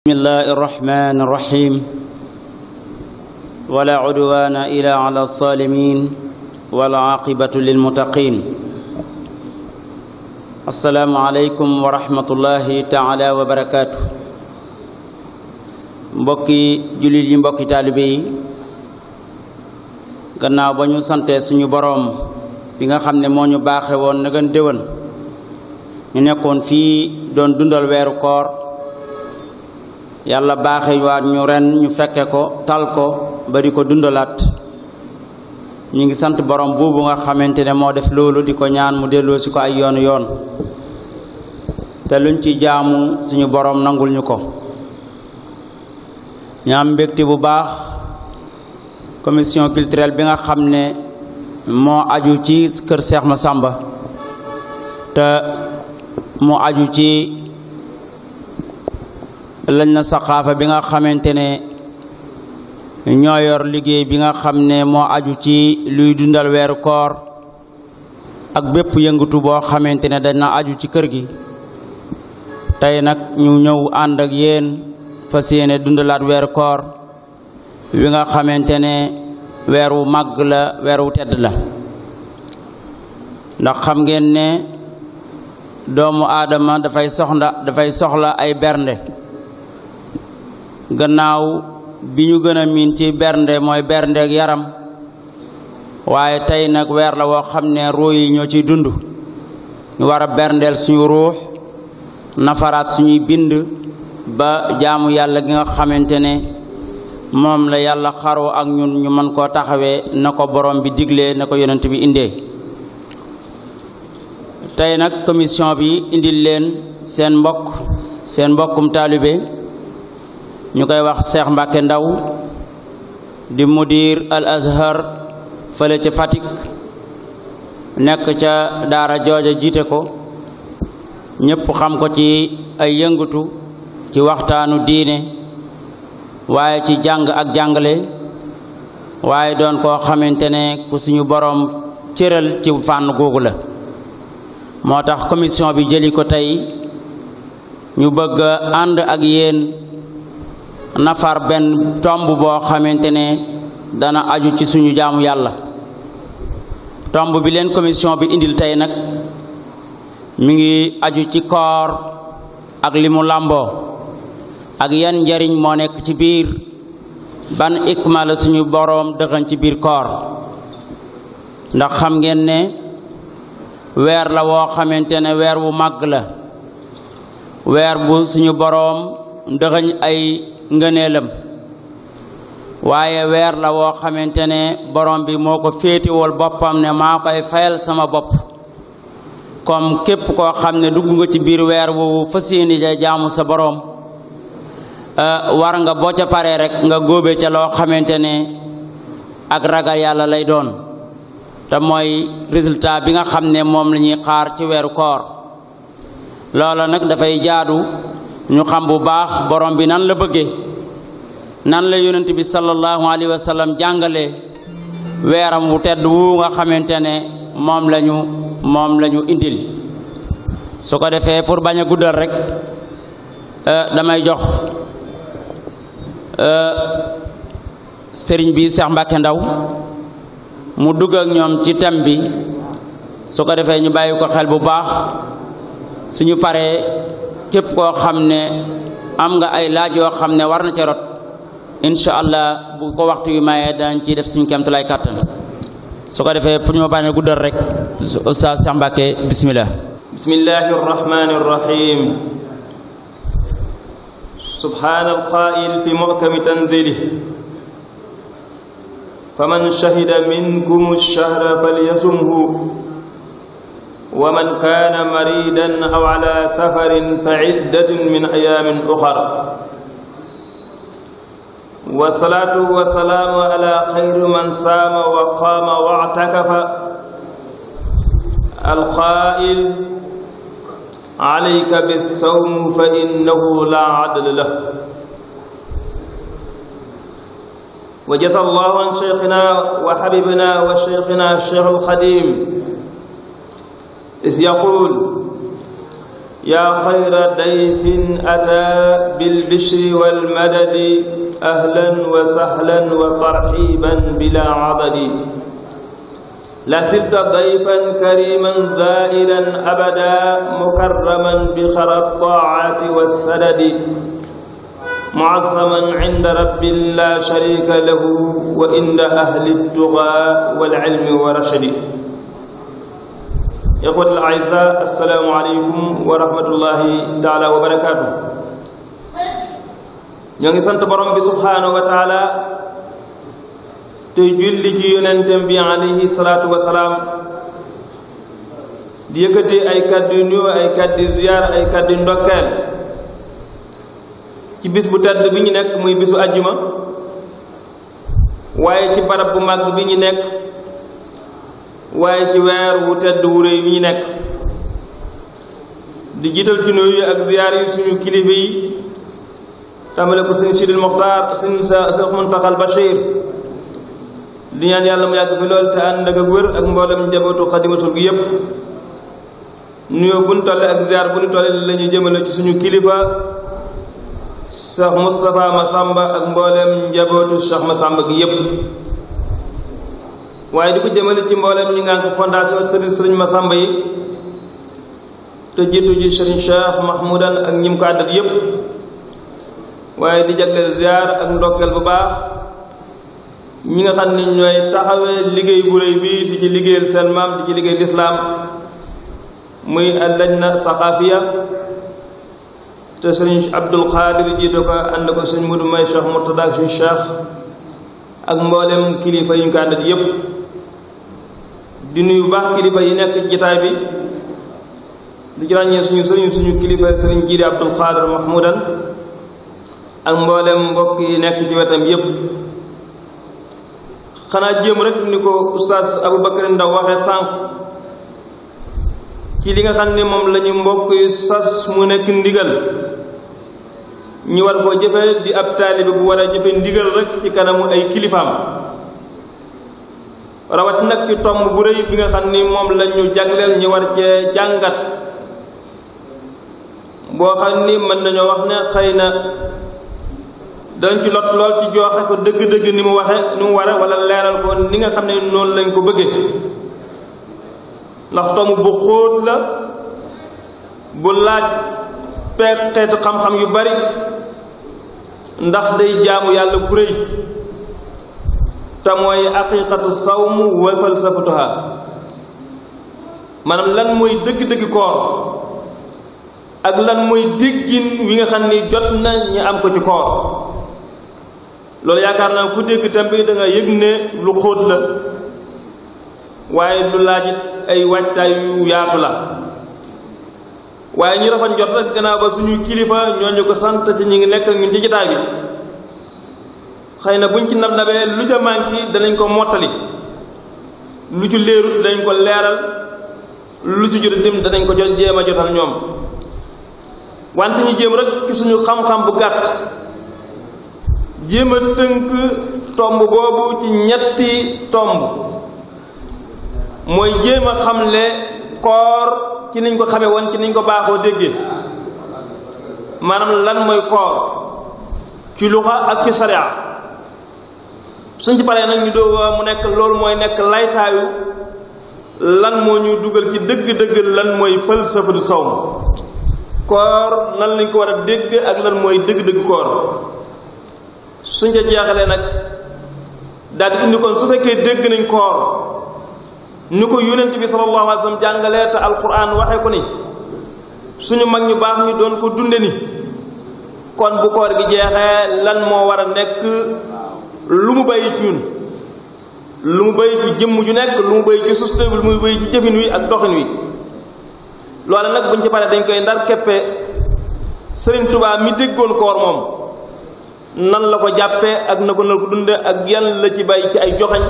بسم الله الرحمن الرحيم ولا عدوان إلا على الظالمين والعاقبة للمتقين السلام عليكم ورحمة الله تعالى وبركاته mbokki jullit yi mbokki taalibe yi gannaaw ba ñu sante suñu boroom bi nga xam ne moo ñu baaxe woon na gën déwén ñu nekkoon fii doon dundal weeru koor yàlla baaxee waat ñu ren ñu fekke ko tal ko ba di ko dundalaat ñu ngi sant borom bu nga xamante ne moo def loolu di ko ñaan mu delloo si ko ay yoon yoon te luñ ci jaamu suñu borom nangul ñu ko ñu am bu baax commission culturelle bi nga xam ne moo aju ci kër Seex Masamba te moo aju ci lañ na saxaafa bi nga xamante ne ñoo yor liggéey bi nga xam ne moo aju ci luy dundal weeru koor ak bépp yëngatu boo xamante ne dañ aju ci kër gi tey nag ñu ñëw ànd ak yéen fas yéene dundalaat weeru koor wi nga xamante ne weer wu màgg la weer tedd la ndax xam ngeen ne doomu aadama dafay soxla dafay soxla ay bernde gannaaw bi ñu gën a miin ci bernde mooy berndeeg yaram waaye tey nag weer la woo xam ne ruu yi ñoo ciy dund ñu war a berndeel suñu ruux nafaraat suñuy bind ba jaamu yàlla gi nga xamante ne moom la yàlla xaroo ak ñu mën koo taxawee na ko borom bi digle na ko yonent bi indee tey nag commission bi indil leen seen mbokk seen mbokkum taalibe ñu koy wax Cheikh Mbacke Ndaw di mudir al azhar fële ca Fatick nekk ca daara jooja jiite ko ñépp xam ko ci ay yëngatu ci waxtaanu diine waaye ci jàng ak jàngale waaye doon koo xamante ne ku suñu boroom cëral ci fànn googu la moo tax commission bi jëli ko tey ñu bëgg ànd ak yéen nafar benn tomb boo xamante ne dana aju ci suñu jaamu yàlla tomb bi leen commission bi indil tey nag mu ngi aju ci koor ak li mu làmboo ak yan njariñ moo nekk ci biir ban ikma la suñu boroom dëxañ ci biir koor ndax xam ngeen ne weer la woo xamante ne weer wu màgg la weer bu suñu boroom dëxañ ay ngëneelam waaye weer la woo xamante ne borom bi moo ko féetiwal boppam ne maa koy fayal sama bopp comme képp koo xam ne dugg nga ci biir weer woowu fas yéene ja jaamu sa borom euh, war nga boo ca paree rek nga góobe ca loo xamante ne ak ragal yàlla lay doon te mooy résultat bi nga xam ne moom lañuy xaar ci weeru koor loola nag dafay jaadu ñu xam bu baax borom bi nan la bëgge nan la yonent bi sallallahu alayhi wa sallam jàngale weeram wu tedd wu nga xamante ne moom lañu moom la indil su ko defee pour bañ a guddal rek euh, damay jox euh, sëriñ bi Cheikh Mbacke Ndaw mu dugg ak ñoom ci thème bi su ko defee ñu bàyyi ko xel bu baax suñu paree képp koo xam ne am nga ay laaj yoo xam ne war na ca rot incha allah bu ko waxtu yu mayee daañ ci def suñu kéemtalaay kàttan su ko defee pour ñu ma bañ a guddal rek Oustaz Cheikh Mbacké bismillah bismillahi arrahmani arrahim subhana alqail fi muhkami tanzilih faman shahida minkum ash-shahra falyasumhu ومن كان مريدا أو على سفر فعدة من أيام أخر والصلاة والسلام على خير من صام وقام واعتكف القائل عليك بالصوم فإنه لا عدل له وجزى الله عن شيخنا وحبيبنا وشيخنا الشيخ القديم إذ يقول يا خير ضيف أتى بالبشر والمدد أهلا وسهلا وترحيبا بلا عدد لسبت ضيفا كريما زائرا أبدا مكرما بخر الطاعات والسدد معظما عند رب لا شريك له وإن أهل التقى والعلم ورشد ixwat al aisa assalaamu aleykum wa rahmatullahi taala wa barakaatu ñoo ngi sant borom bi subhaanahu wa taala te julli ci yonentam bi alayhi salaatu wa salaam di yëkkati ay kàddu yu nuyoo ay kàddu ziyaar ay kàddu ndokkeel ci bis bu tedd bi ñu nekk muy bisu àjjuma waaye ci barab bu màgg bi ñu nekk waaye ci weer wu tedd wu rëy wi nekk di jiital ci nuyu ak ziyaar yi suñu kilifa yi tàmbale ko sëñ Sidil Moxtaar sëñ Cheikh Muntaxal Bachir di ñaan yàlla mu yàgg fi lool te ànd ak wér ak mboolem njabootu Xadimatul gi yépp nuyoo bu ñu tolle ak ziyaar bu ñu tolle la jëmale ci suñu kilifa Cheikh Moustapha Massamba ak mboolem njabootu Cheikh Massamba gi yépp waaye di ko jëmale ci mbooleem ñi ngaan ko fondation sëriñ sëriñ Masamba yi te jiitu ji sëriñ Cheikh Mahmoudan ak ñim ko àddat yépp waaye di jagleel ziar ak ndokkeel bu baax ñi nga xam ni ñooy taxawee liggéey bu bi di ci liggéeyal seen maam di ci liggéey lislaam muy lajna saxaafiya te sëriñ Abdul Qadir jiite ko ànd ko sëriñ Mudu May Cheikh Murtada sëriñ Cheikh ak mboolem kilifa yu ñu ko àndat yépp di nuyu baax kilifa yi nekk jitaay bi di ci ràññee suñu sëriñ suñu kilifa sëriñ jiiri abdul xaadir mahmudan ak mboolem mbokk yi nekk ci wetam yépp xanaa jéem rek ni ko oustaz Aboubacar Ndaw waxee sànq ci li nga xam ne moom lañuy mbokk yi sas mu nekk ndigal ñu war koo jëfe di ab taalibe bu war a jëfe ndigal rek ci kanamu ay kilifaam rawat nag ci tomm bu rëy bi nga xam ni moom la ñu jagleel ñu war cee jàngat boo xam ni mën nañoo wax ne xëy na dañ ci lot lool ci jooxe ko dëgg-dëgg ni mu waxe ni mu ware wala leeral ko ni nga xam ne noonu lañ ko bëggee ndax tomm bu xóot la bu laaj peeg xeetu xam-xam yu bari ndax day jaamu yàlla bu rëy te mooy aqiqatu sawm wa falsafatuha maanaam lan mooy dëgg-dëgg koor ak lan mooy déggin wi nga xam ni jot na ñu am ko ci koor loolu yaakaar na ku dégg tam bi da nga yëg ne lu xóot la waaye lu laajit ay waajtaay yu yaatu la waaye ñu rafet njot rek gannaaw ba suñu kilifa ñooñu ko sant ci ñu ngi nekk ngi bi xëy na buñ ci nab nabee lu ca manqué danañ ko mottali lu ci leerut danañ ko leeral lu ci jot itam danañ ko jot jéem a jotal ñoom wante ñu jéem rek ci suñu xam-xam bu gàtt jéem a tënk tomb boobu ci ñetti tomb mooy jéem a xamle koor ci niñ ko xamee woon ci niñ ko baaxoo déggee maanaam lan mooy koor ci luxa ak ci sariya suñ ci paree nag ñu doog mu nekk loolu mooy nekk laytaayu lan moo ñuy dugal ci dëgg-dëgg lan mooy falsafatul sawm koor nan lañ ko war a dégg ak lan mooy dëgg-dëgg koor suñ ca jeexalee su fekkee dégg nañ koor ko yonent bi sallallahu alayhi wa sallam jàngalee suñu mag ñu baax ñu doon ko dunde ni kon bu koor gi jeexee lan moo war a nekk lu mu bàyyi ci ñun lu mu bàyyi ci jëmm ju nekk lu mu bàyyi ci sustable lu mu ci jëfin wi ak doxin wi loola nag buñ ci paree dañ koy ndar keppe sëriñ tubaa mi déggoon koor moom nan la ko jàppee ak na ko na ku dunde ak yan la ci bàyyi ci ay joxañ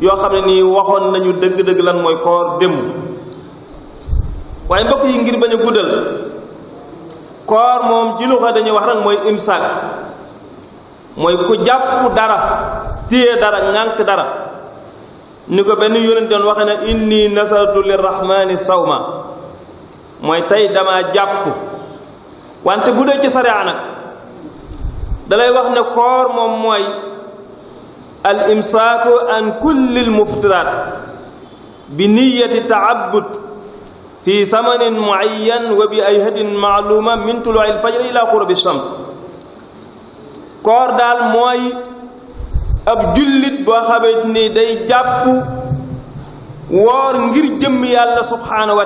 yoo xam ne nii waxoon nañu dëgg-dëgg lan mooy koor démb waaye mbokk yi ngir bañ a guddal koor moom ci dañuy wax rek mooy imsaak mooy ku jàpp dara téye dara ŋànk dara ni ko benn yónent doon waxe ne inni nasartu lirrahmani sawma mooy tey dama jàpp wante bu dee ci sariya nag dalay wax ne koor moom moy al imsaaku an kullil muftiraat bi niyati taabud fi samanin muayyan wa bi ayhatin maaluma min tuluwil fajri ila xurubi shams koor daal mooy ab jullit boo xamante ni day jàpp woor ngir jëmm yàlla subhaanahu wa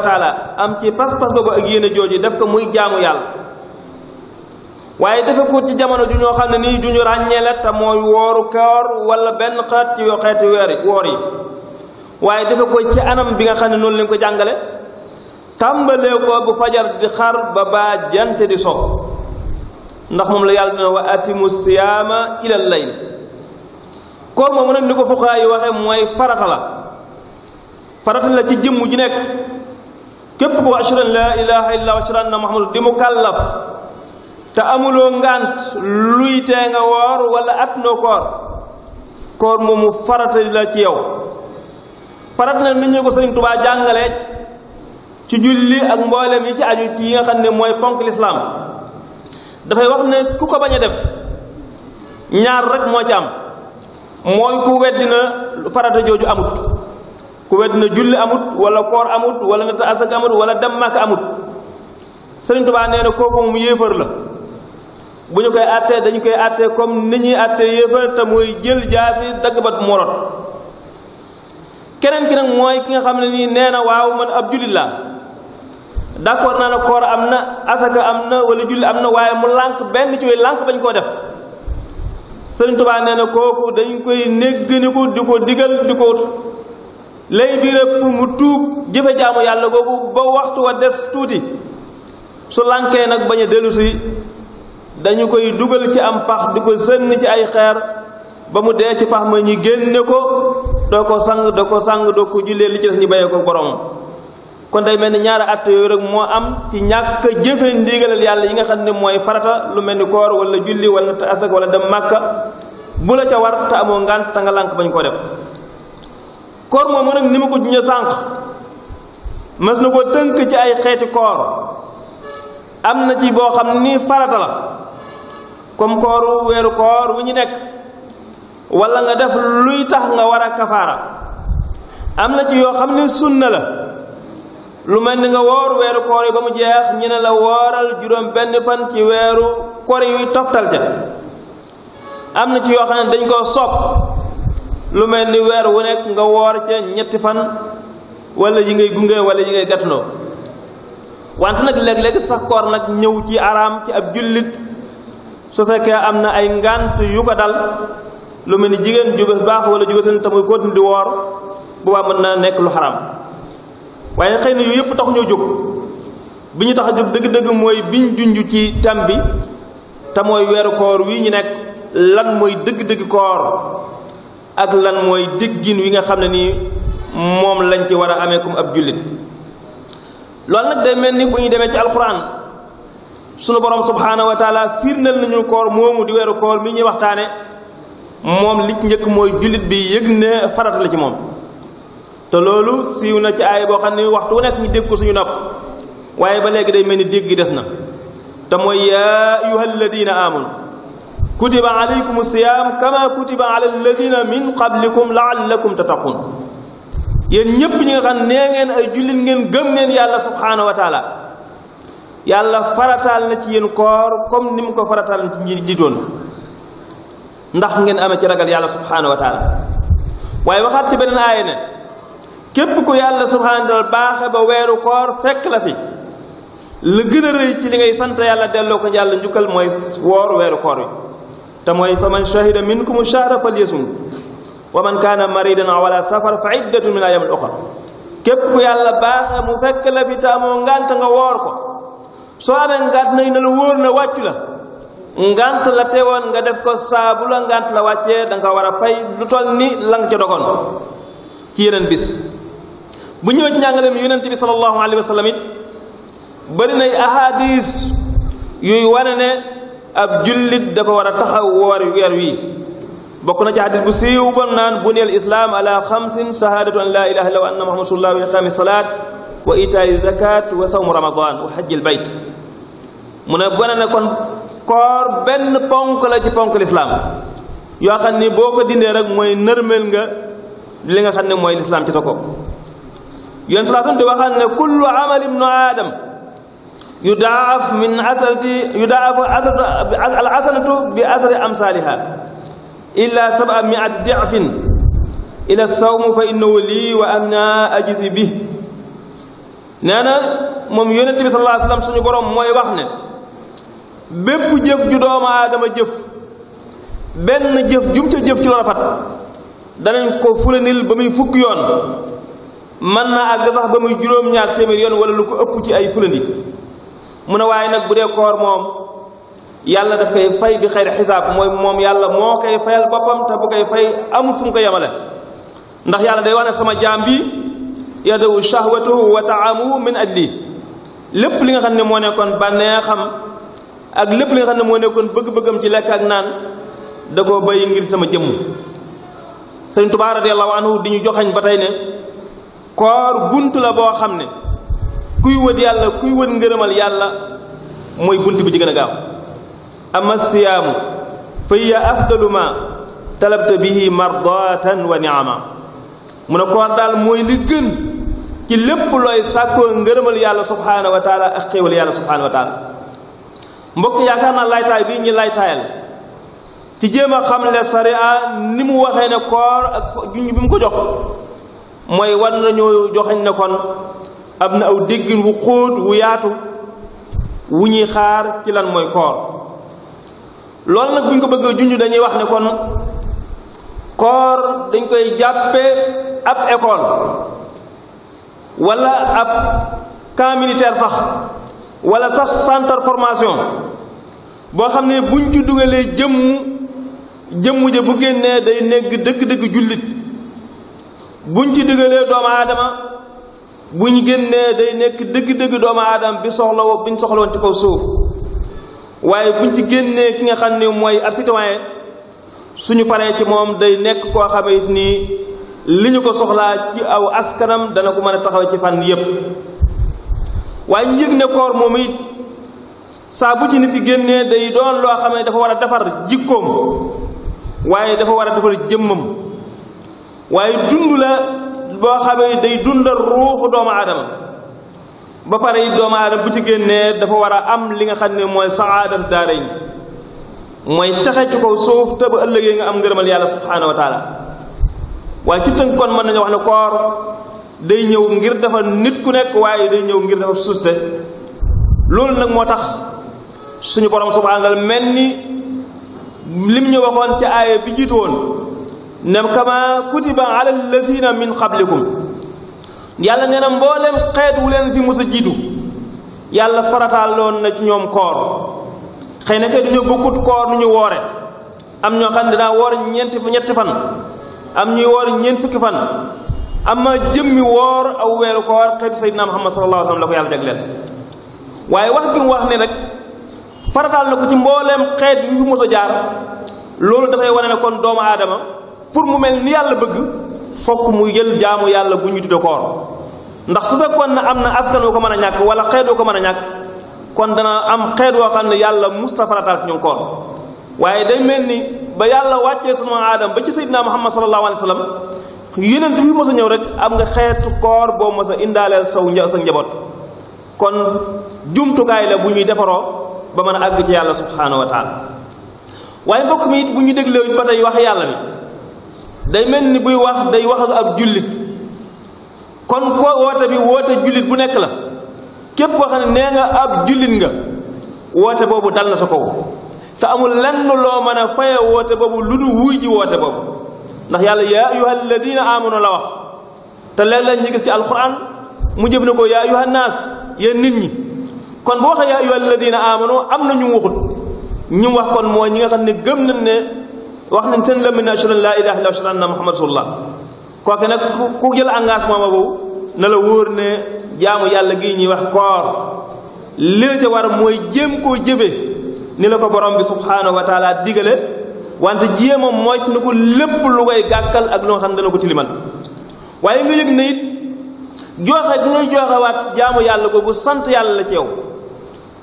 am ci pas-pas boobu ak yéen a jooju def ko muy jaamu yàlla waaye dafa ko ci jamono ju ñoo xam ne nii ju ñu ràññee la te mooy wooru koor wala benn xeet ci xeeti woor yi waaye dafa ko ci anam bi nga xam ne noonu lañ ko jàngale tàmbalee ko bu fajar di xar ba baa jant di so ndax moom la yàlla dina wa atimu siyaama ila layl koor moomu nag ni ko fuqaa yi mooy farata la farata la ci jëmm ji nekk képp ko ashhadu an laa ilaaha illa wa ashhadu anna di mu kàllaf te amuloo ngant luy tee nga woor wala at noo koor koor moomu farata la ci yow farata na nit ñu ko sëriñ Tubaa jàngale ci julli ak mboolem yi ci aju ci yi nga xam ne mooy ponk lislaam dafay wax ne ku ko bañ a def ñaar rek moo ci am mooy ku weddi na farata jooju amut ku weddi na julli amut wala koor amut wala natt asaka amut wala dem Màkka amut Sëriñ Tuubaa nee na kooku mu yéefar la bu ñu koy àttee dañu koy àttee comme ni ñuy àttee yéefar mooy jël jaasi dagg bat morot keneen ki nag mooy ki nga xam ne nii nee na waaw man ab jullit laa d'accord naa ne koor am na asaka am na wala julli am na waaye mu lànq benn ci yooyu lànk bañ koo def sëriñ Tuubaa nee na kooku dañ koy négganiku di ko digal di ko lay bi rek mu tuub jëfe jaamu yàlla googu ba waxtu wa des tuuti su lànkee nag bañ a dellu dañu koy dugal ci am pax di ko sënn ci ay xeer ba mu dee ci pax ma ñi génne ko doo ko sang doo ko sang doo ko jullee li ci des ñu bayee ko borom kon day mel ni ñaari at yooyu rek moo am ci ñàkk jëfe ndigalal yàlla yi nga xam ne mooy farata lu mel ni koor wala julli wala na asak wala dem màkka bu la ca war te amoo ngant te nga lànk bañ koo def koor moom mu nag ni ma ko juñe sànq mas na koo tënk ci ay xeeti koor am na ci boo xam ni farata la comme kooru weeru koor wu ñu nekk wala nga def luy tax nga war a kafaara am na ci yoo xam ne sunna la lu mel ni nga woor weeru koor yi ba mu jeex ñu ne la wooral juróom benn fan ci weeru koor yuy toftal ja am na ci yoo xam ne dañ koo sopp lu mel ni weer wu nekk nga woor ca ñetti fan walla yi ngay gunge walla yi ngay gàttanoo wante nag léeg-léeg sax koor nag ñëw ci araam ci ab jullit su fekkee am na ay ngànt yu ko dal lu mel ni jigéen ju baax wala ju baax te muy di woor boobaa mën na nekk lu xaraam. waaye xëy na yooyu yëpp tax ñoo jóg bi ñu tax a jóg dëgg-dëgg mooy biñ junj ci tam bi te mooy weeru koor wii ñu nekk lan mooy dëgg-dëgg koor ak lan mooy déggin wi nga xam ne nii moom lañ ci war a amee comme ab jullit loolu nag day mel ni bu ñu demee ci alxuraan sunu borom subhaanahu wa taala firndal nañu koor moomu di weeru koor mi ñuy waxtaane moom li njëkk mooy jullit bi yëg ne farata la ci moom te loolu siiw na ci aay boo xam ne waxtu wu nekk ñu dégg ko suñu nopp waaye ba léegi day mel ni dégg gi des na te mooy yaa ayyuhal ladina amanu kutiba alaykum siyaam kama kutiba ala alladina min qablikum laallakum tattaqun yéen ñépp ñi nga xam nee ngeen ay jullit ngeen gëm ngeen yàlla subhaanahu wa taala yàlla farataal na ci yéen koor comme ni mu ko farataal na ci jiitoon ndax ngeen amee ci ragal yàlla subhaanahu wa waaye waxaat ci beneen aaya ne képp ku yàlla subhaanahu wa baaxe ba weeru koor fekk la fi la gën a rëy ci li ngay sant yàlla delloo ko yàlla njukkal mooy woor weeru koor wi te mooy fa man shahida minkum shahra falyasum wa man kaana maridan aw ala safar fa iddatun min ayaamin uxar képp ku yàlla baaxe mu fekk la fi taamoo ngànt nga woor ko soo amee na nañ ne la wóor na wàccu la ngànt la teewoon nga def ko saabu la ngànt la wàcce da nga war a fay lu toll ni la nga ca dogoon bu ñëwee ci njàngaleem yonent bi sallallahu alayhi wa sallam it yuy wane ne ab jullit da ko war a taxaw yu weer wi bokk na ci hadis bu siiw bon naan buniyal islaam ala xamsin shahadatu an la ilaha illa wa anna muhammad rasulullah wa iqaami salaat wa itaai zakat wa sawmu ramadan wa hajjil bayt mu ne gone ne kon koor benn ponk la ci ponk lislaam yoo xam ni boo ko dindee rek mooy nërmel nga li nga xam ne mooy lislaam ci ta yéen salaatam di waxaan ne kullu amal ibnu aadam yudaaf min asarati yudaaf al asanatu bi asari amsaaliha illa sab'a mi'ati di'fin ila sawmu fa innahu lii wa ana ajzi bih nee moom yonent bi sallallahu alayhi wasallam suñu borom mooy wax ne bépp jëf ju doomu aadama jëf benn jëf jum ca ci lu rafet danañ ko fulanil ba muy fukk yoon mën naa àgg sax ba muy juróom-ñaar téeméer yoon wala lu ko ëpp ci ay fulandi mu ne waaye nag bu dee koor moom yàlla daf koy fay bi xayri xisaab mooy moom yàlla moo koy fayal boppam te bu koy fay amul fum ko yemale ndax yàlla day wax ne sama jaam bi yadawu shahwatuhu wa taamuhu min ajli lépp li nga xam ne moo nekkoon bànneexam ak lépp li nga xam ne moo nekkoon bëgg-bëggam ci lekk ak naan da koo bay ngir sama jëmm sëriñ Tuubaa radiyallahu anhu di ñu ba tey koor bunt la boo xam ne kuy wët yàlla kuy wët ngërëmal yàlla mooy bunt bi ci gën a gaaw ama siyaamu fa hiya afdalu ma talabta wa niama mu ne koor daal mooy li ci lépp looy sàkkoo ngërëmal yàlla subhaanahu wa ak xéewal yàlla subhaanahu wa mbokk yaakaar naa laytaay bii ñu laytaayal ci jéem a xam le sariya ni mu waxee ne koor ak junj bi mu ko jox mooy war nañoo joxañ na kon na aw déggin wu xóot wu yaatu wu ñuy xaar ci lan mooy koor loolu nag bu ñu ko bëggee junj dañuy wax ne kon koor dañ koy jàppe ab école wala ab camp militaire sax wala sax centre formation boo xam ne buñ ci dugalee jëmm jëmm ja bu génnee day nekk dëgg-dëgg jullit buñ ci digalee doomu aadama bu buñ génnee day nekk dëgg-dëgg doomu aadama bi soxla woo biñ soxla ci kaw suuf waaye buñ ci génnee ki nga xam ne mooy ab citoyen suñu paree ci moom day nekk koo xam nii li ñu ko soxlaa ci aw askanam dana ko mën a taxaw ci fànn yépp waaye ñu ne koor moom it saa bu ci nit ki génnee day doon loo xam ne dafa war a defar jikkoom waaye dafa war a defar jëmmam waaye dund la boo xamee day dundal ruuxu doomu aadama ba pare it doomu aadama bu ci génnee dafa war a am li nga xam ne mooy saadatu daarayn mooy texe ci kaw suuf te bu ëllëgee nga am ngërëmal yàlla subhaanahu wa taala waaye ci tënk kon mën nañu wax ne koor day ñëw ngir dafa nit ku nekk waaye day ñëw ngir dafa suste loolu nag moo tax suñu borom subhaanahu wa mel ni lim ñu waxoon ci aaya bi jiitu woon ne kama kutiba ala alladina min qablikum yàlla nee na mbooleem xeet wu leen fi mës a jiitu yàlla farataal loon na ci ñoom koor xëy na kay dañoo bokkut koor nu ñu woore am ñoo xam ne daa woor ñeenti ñetti fan am ñuy woor ñeent fukki fan am ma jëmmi woor aw weeru koor xeetu sayyidina Muhammad sallallahu alayhi wa sallam la ko yàlla jagleel waaye wax gi mu wax ne nag farataal na ko ci mboolem xeet yu fi mës a jaar loolu dafay wane kon doomu aadama pour mu mel ni yàlla bëgg fokk mu jël jaamu yàlla gu ñu tudde koor ndax su fekkoon ne am na askan woo ko mën a ñàkk wala xeet woo ko mën a ñàkk kon dana am xeet woo xam yàlla mustafaratal ci ñoom waaye day mel ni ba yàlla wàccee sunu aadama ba ci sayyidina muhammad sallallahu alayhi wa sallam yonent bi mos a ñëw rek am nga xeetu koor boo mos a indaaleel saw sa njaboot kon jumtukaay la bu ñuy defaroo ba mën a àgg ci yàlla subhaanahu wa waaye mbokk mi bu ñu déglee ba tey wax yàlla bi day mel ni buy wax day wax ak ab jullit kon ko woote bi woote jullit bu nekk la képp koo xam ne nee nga ab jullit nga woote boobu dal na sa kaw te amul lenn loo mën a faye woote boobu lu du wuy ji woote boobu ndax yàlla yaa ayuha alladina amanu la wax te léeg-léeg ñu ci alquran mu jëm ne ko yaa ayuha naas yéen nit ñi kon bu waxee yaa ayuha alladina am na ñu waxut ñu wax kon moo ñi nga xam ne gëm nañ ne wax nañ ten la min ashhadu an laa ilaaha illallaah ashhadu anna muhammad rasulullah kooke nag ku jël engagement boobu na la wóor ne jaamu yàlla gi ñuy wax koor li la ca war mooy jéem koo jëfe ni la ko borom bi subhaanahu wa taala digale wante jéem a moyt ni ko lépp lu koy gàkkal ak lu nga xam dana ko tilimal waaye nga yëg ne it jooxe gi ngay jooxewaat jaamu yàlla googu sant yàlla la ci yow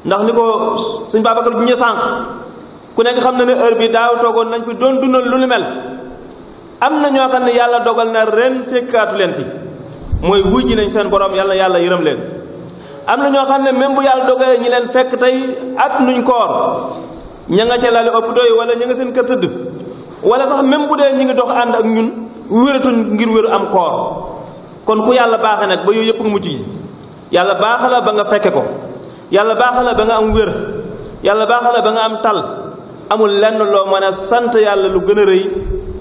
ndax ni ko suñ Babacar bu ñu sànq ku nekk xam na ne heure bi daaw toogoon nañ fi doon dundal lu lu mel am na ñoo xam ne yàlla dogal na ren fekkaatu leen fi mooy wujji nañ seen boroom yàlla yàlla yërëm leen am na ñoo xam ne même bu yàlla dogalee ñi leen fekk tey at nuñ koor ña nga ca lali hôpitaux yi wala ña nga seen kër tëdd wala sax même bu dee ñi ngi dox ànd ak ñun wératuñ ngir wéru am koor kon ku yàlla baaxe nag ba yooyu yëpp nga mucc yi yàlla baax la ba nga fekke ko yàlla baaxa la nga am wér yàlla baaxa la nga am tal amul lenn loo mën a sant yàlla lu gën a rëy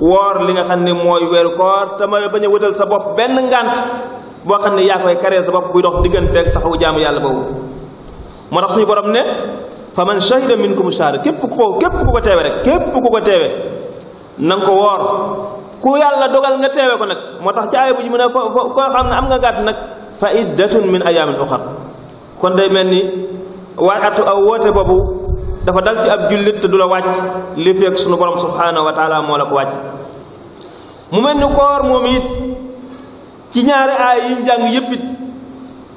woor li nga xam ne mooy weeru koor te ma bañ a wëtal sa bopp benn ngànt boo xam ne yaa koy karee sa bopp buy dox tax wu jaamu yàlla boobu moo tax suñu borom ne fa man shahida minkum shahr képp ku ko képp ku ko teewe rek képp ku ko teewe na nga ko woor ku yàlla dogal nga teewe ko nag moo tax caaye bu ji mu ne fa koo xam ne am nga gàtt nag fa iddatun min ayamin uxar kon day mel ni waaye dafa dal ci ab jullit te du la wàcc li fekk sunu borom subhanahu moo la ko wàcc mu mel ni koor moom it ci ñaari aay yi jàng yëpp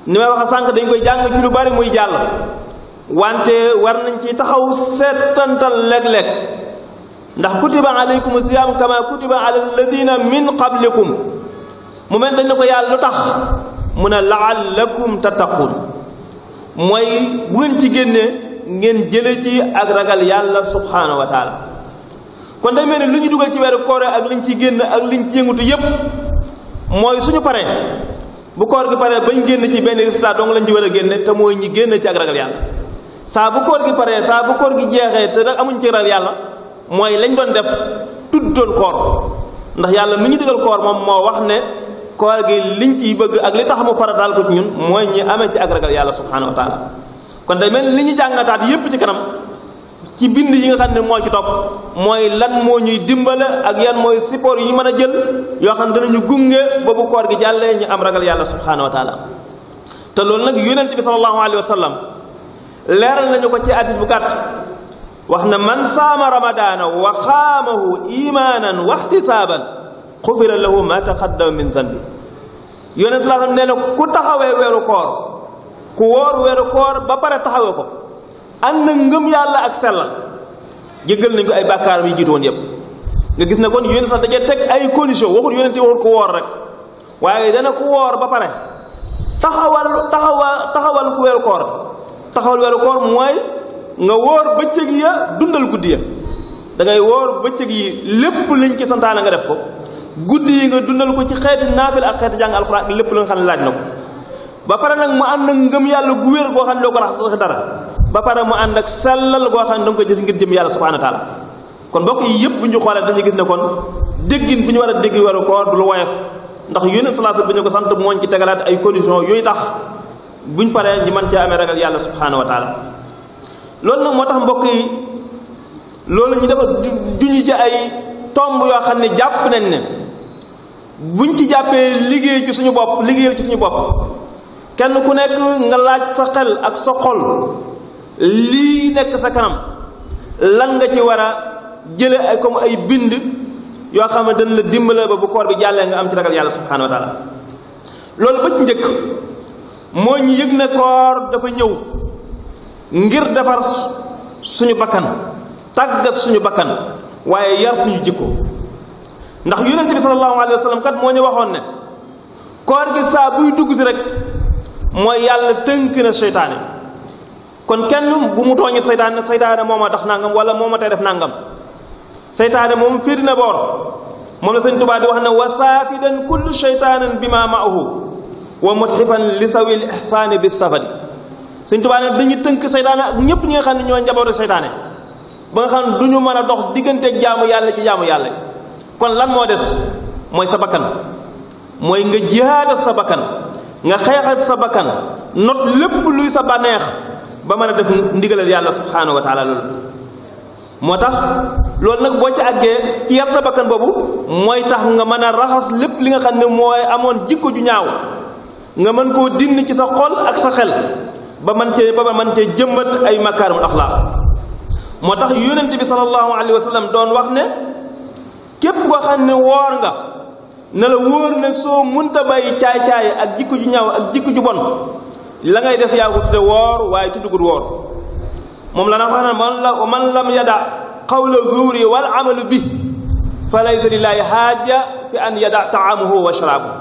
ni may wax a sànq dañ koy jàng ci lu bari muy jàll wante war nañ ci taxaw seetantal léeg-léeg ndax kutiba alaykum siyaam kama kutiba ala alladina min qablikum mu mel dañ ne ko yàlla lu tax mu ne laallakum tattaqun mooy bu ngeen ci génnee ngeen jële ci ak ragal yàlla subhaanahu wa taala kon day mel li lu ñu dugal ci weeru koor ak liñ ci génn ak liñ ci yëngutu yépp mooy suñu paree bu koor gi paree bañ génn ci benn résultat dong lañ ci war a génne te mooy ñi génn ci ak ragal yàlla saa bu koor gi paree saa bu koor gi jeexee te nag amuñ ci ragal yàlla mooy lañ doon def tuddoon koor ndax yàlla mi ñu digal koor moom moo wax ne koor gi liñ ciy bëgg ak li tax mu farataal ko ci ñun mooy ñi ci ak yàlla subhaanahu wa kon day li ñu jàngataat yépp ci kanam ci bind yi nga xam ne moo ci topp mooy lan moo ñuy dimbale ak yan mooy support yi ñu mën a jël yoo xam ne danañu gunge ba bu koor gi jàllee ñu am ragal yàlla subhanahu wa taala te loolu nag yonent bi sallallahu alayhi wa sallam leeral ko ci hadis bu wax na man saama ramadaana wa xaamahu imaanan wa ihtisaaban xufira lahu ma taqaddama min zanbi yonent sallallahu nee na ku taxawee weeru koor ku woor weeru koor ba pare taxawee ko ànd na ngëm yàlla ak sellal jéggal nañ ko ay bàkkaaram yi jiitu woon yëpp nga gis ne kon yéen sax daje teg ay condition waxut yonent waxut ku woor rek waaye dana ku woor ba pare taxawal taxawal taxawal weeru koor taxawal weeru koor mooy nga woor bëccëg ya dundal guddi ya da ngay woor bëccëg yi lépp liñ ci santaane nga def ko guddi yi nga dundal ko ci xeeti naafil ak xeeti jàng alxuraan lépp lu nga xam ne laaj na ko ba pare nag mu ànd ak ngëm yàlla gu wér goo xam ne doo ko raxas dara ba pare mu ànd ak sellal goo xam ne da ko koy ngir jëm yàlla subhanahu wa taala kon mbokk yi yëpp bu ñu xoolee dañuy gis ne kon déggin bu ñu war a dégg weeru koor du lu woyof ndax yónent salaatu bi ñu ko sant mooñ ci tegalaat ay conditions yooyu tax bu ñu paree ñi mën ci amee ragal yàlla subhanahu wa taala loolu nag moo tax mbokk yi loolu ñu dafa ju ci ay tomb yoo xam ne jàpp nañ ne buñ ci jàppee liggéey ci suñu bopp liggéeyal ci suñu bopp kenn ku nekk nga laaj sa xel ak sa xol lii nekk sa kanam lan nga ci war a jële ay comme ay bind yoo xam ne dañ la dimbale ba bu koor bi jàllee nga am ci ragal yàlla subhanahu wa taala loolu ba njëkk moo ñu yëg ne koor ko ñëw ngir defar suñu bakkan tàggat suñu bakkan waaye yar suñu jikko ndax yonente bi sallallahu alayhi wa kat moo ñu waxoon ne koor gi saa buy dugg si rek mooy yàlla tënk na seytaane kon kenn bu mu tooñu seytaane seytaane moo ma tax nangam wala moo ma tey def nangam seytaane moom fiir na boor moom la sëñ Tuubaa di wax ne wa saafidan kullu seytaanan bi ma maa maahu wa mudxifan li sawil ihsaani bi safadi sëñ Tuubaa ne dañuy tënk seytaane ak ñëpp ñi nga xam ne ñoo njabootu seytaane ba nga xam ne du ñu mën a dox diggante jaamu yàlla ci jaamu yàlla kon lan moo des mooy sa bakkan mooy nga jihaada sa bakkan nga xeexal sa bakkan not lépp luy sa bànneex ba mën a def ndigalal yàlla subhaanahu wa loolu moo tax loolu nag boo ci àggee ci yar sa bakkan boobu mooy tax nga mën a raxas lépp li nga xam ne mooy amoon jikko ju ñaaw nga mën koo dindi ci sa xol ak sa xel ba mën cee ba mën cee jëmbat ay makaarimul axlaaq moo tax yónent bi sallallahu alayhi wa sallam doon wax ne képp koo xam ne woor nga na wóor ne soo munta bàyyi caay-caay ak jikko ju ñaaw ak jikko ju bon la ngay def yaa ko tudde woor waaye tuddugul woor moom la na wax naan man la man lam yada qawla zuuri wal amalu bi fa laysa lillaahi haaja fi an yada taamuhu wa sharaabuhu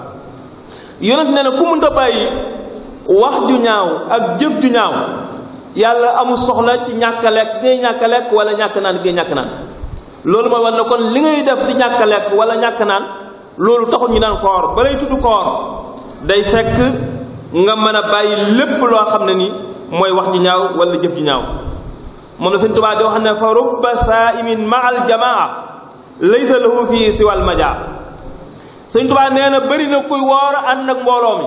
yonent nee na ku munta bàyyi wax ju ñaaw ak jëf ju ñaaw yàlla amul soxla ci ñàkk a lekk ngay ñàkk lekk wala ñàkk naan ngay ñàkk naan loolu mooy war na kon li ngay def di ñàkk lekk wala ñàkk naan loolu taxul ñi naan koor balay tudd koor day fekk nga mën a bàyyi lépp loo xam ne nii mooy wax ji ñaaw walla jëf ji ñaaw moom la sëñ Tuubaa di wax ne fa rubba saa'imin ma al jamaa laysa lahu fii siwal majaa sëñ Tuubaa nee na bari na kuy woor ànd ak mbooloo mi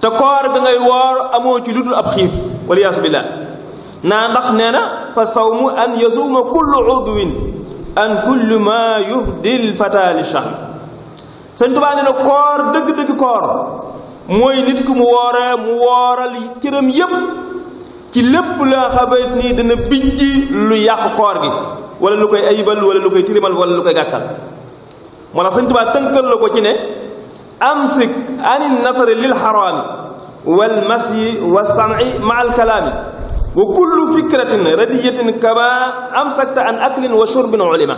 te koor ga ngay woor amoo ci lu ab xiif waliyaasu billaah naa ndax nee na fa sawmu an yasuuma kullu udwin an kullu ma yuhdil fata li sëñ Tuubaa nee na koor dëgg-dëgg koor mooy nit ku mu wooree mu wooral cëram yépp ci lépp laa xabat nii dana bijji lu yàq koor gi wala lu koy ayibal wala lu koy tirimal wala lu koy gàkkal moo tax sëñ Tuubaa tënkal la ko ci ne amsik ani nasari lil xaraami wal masyi wa sami ma al wa kullu fikratin radiyatin kama amsakta an aklin wa shurbin ulima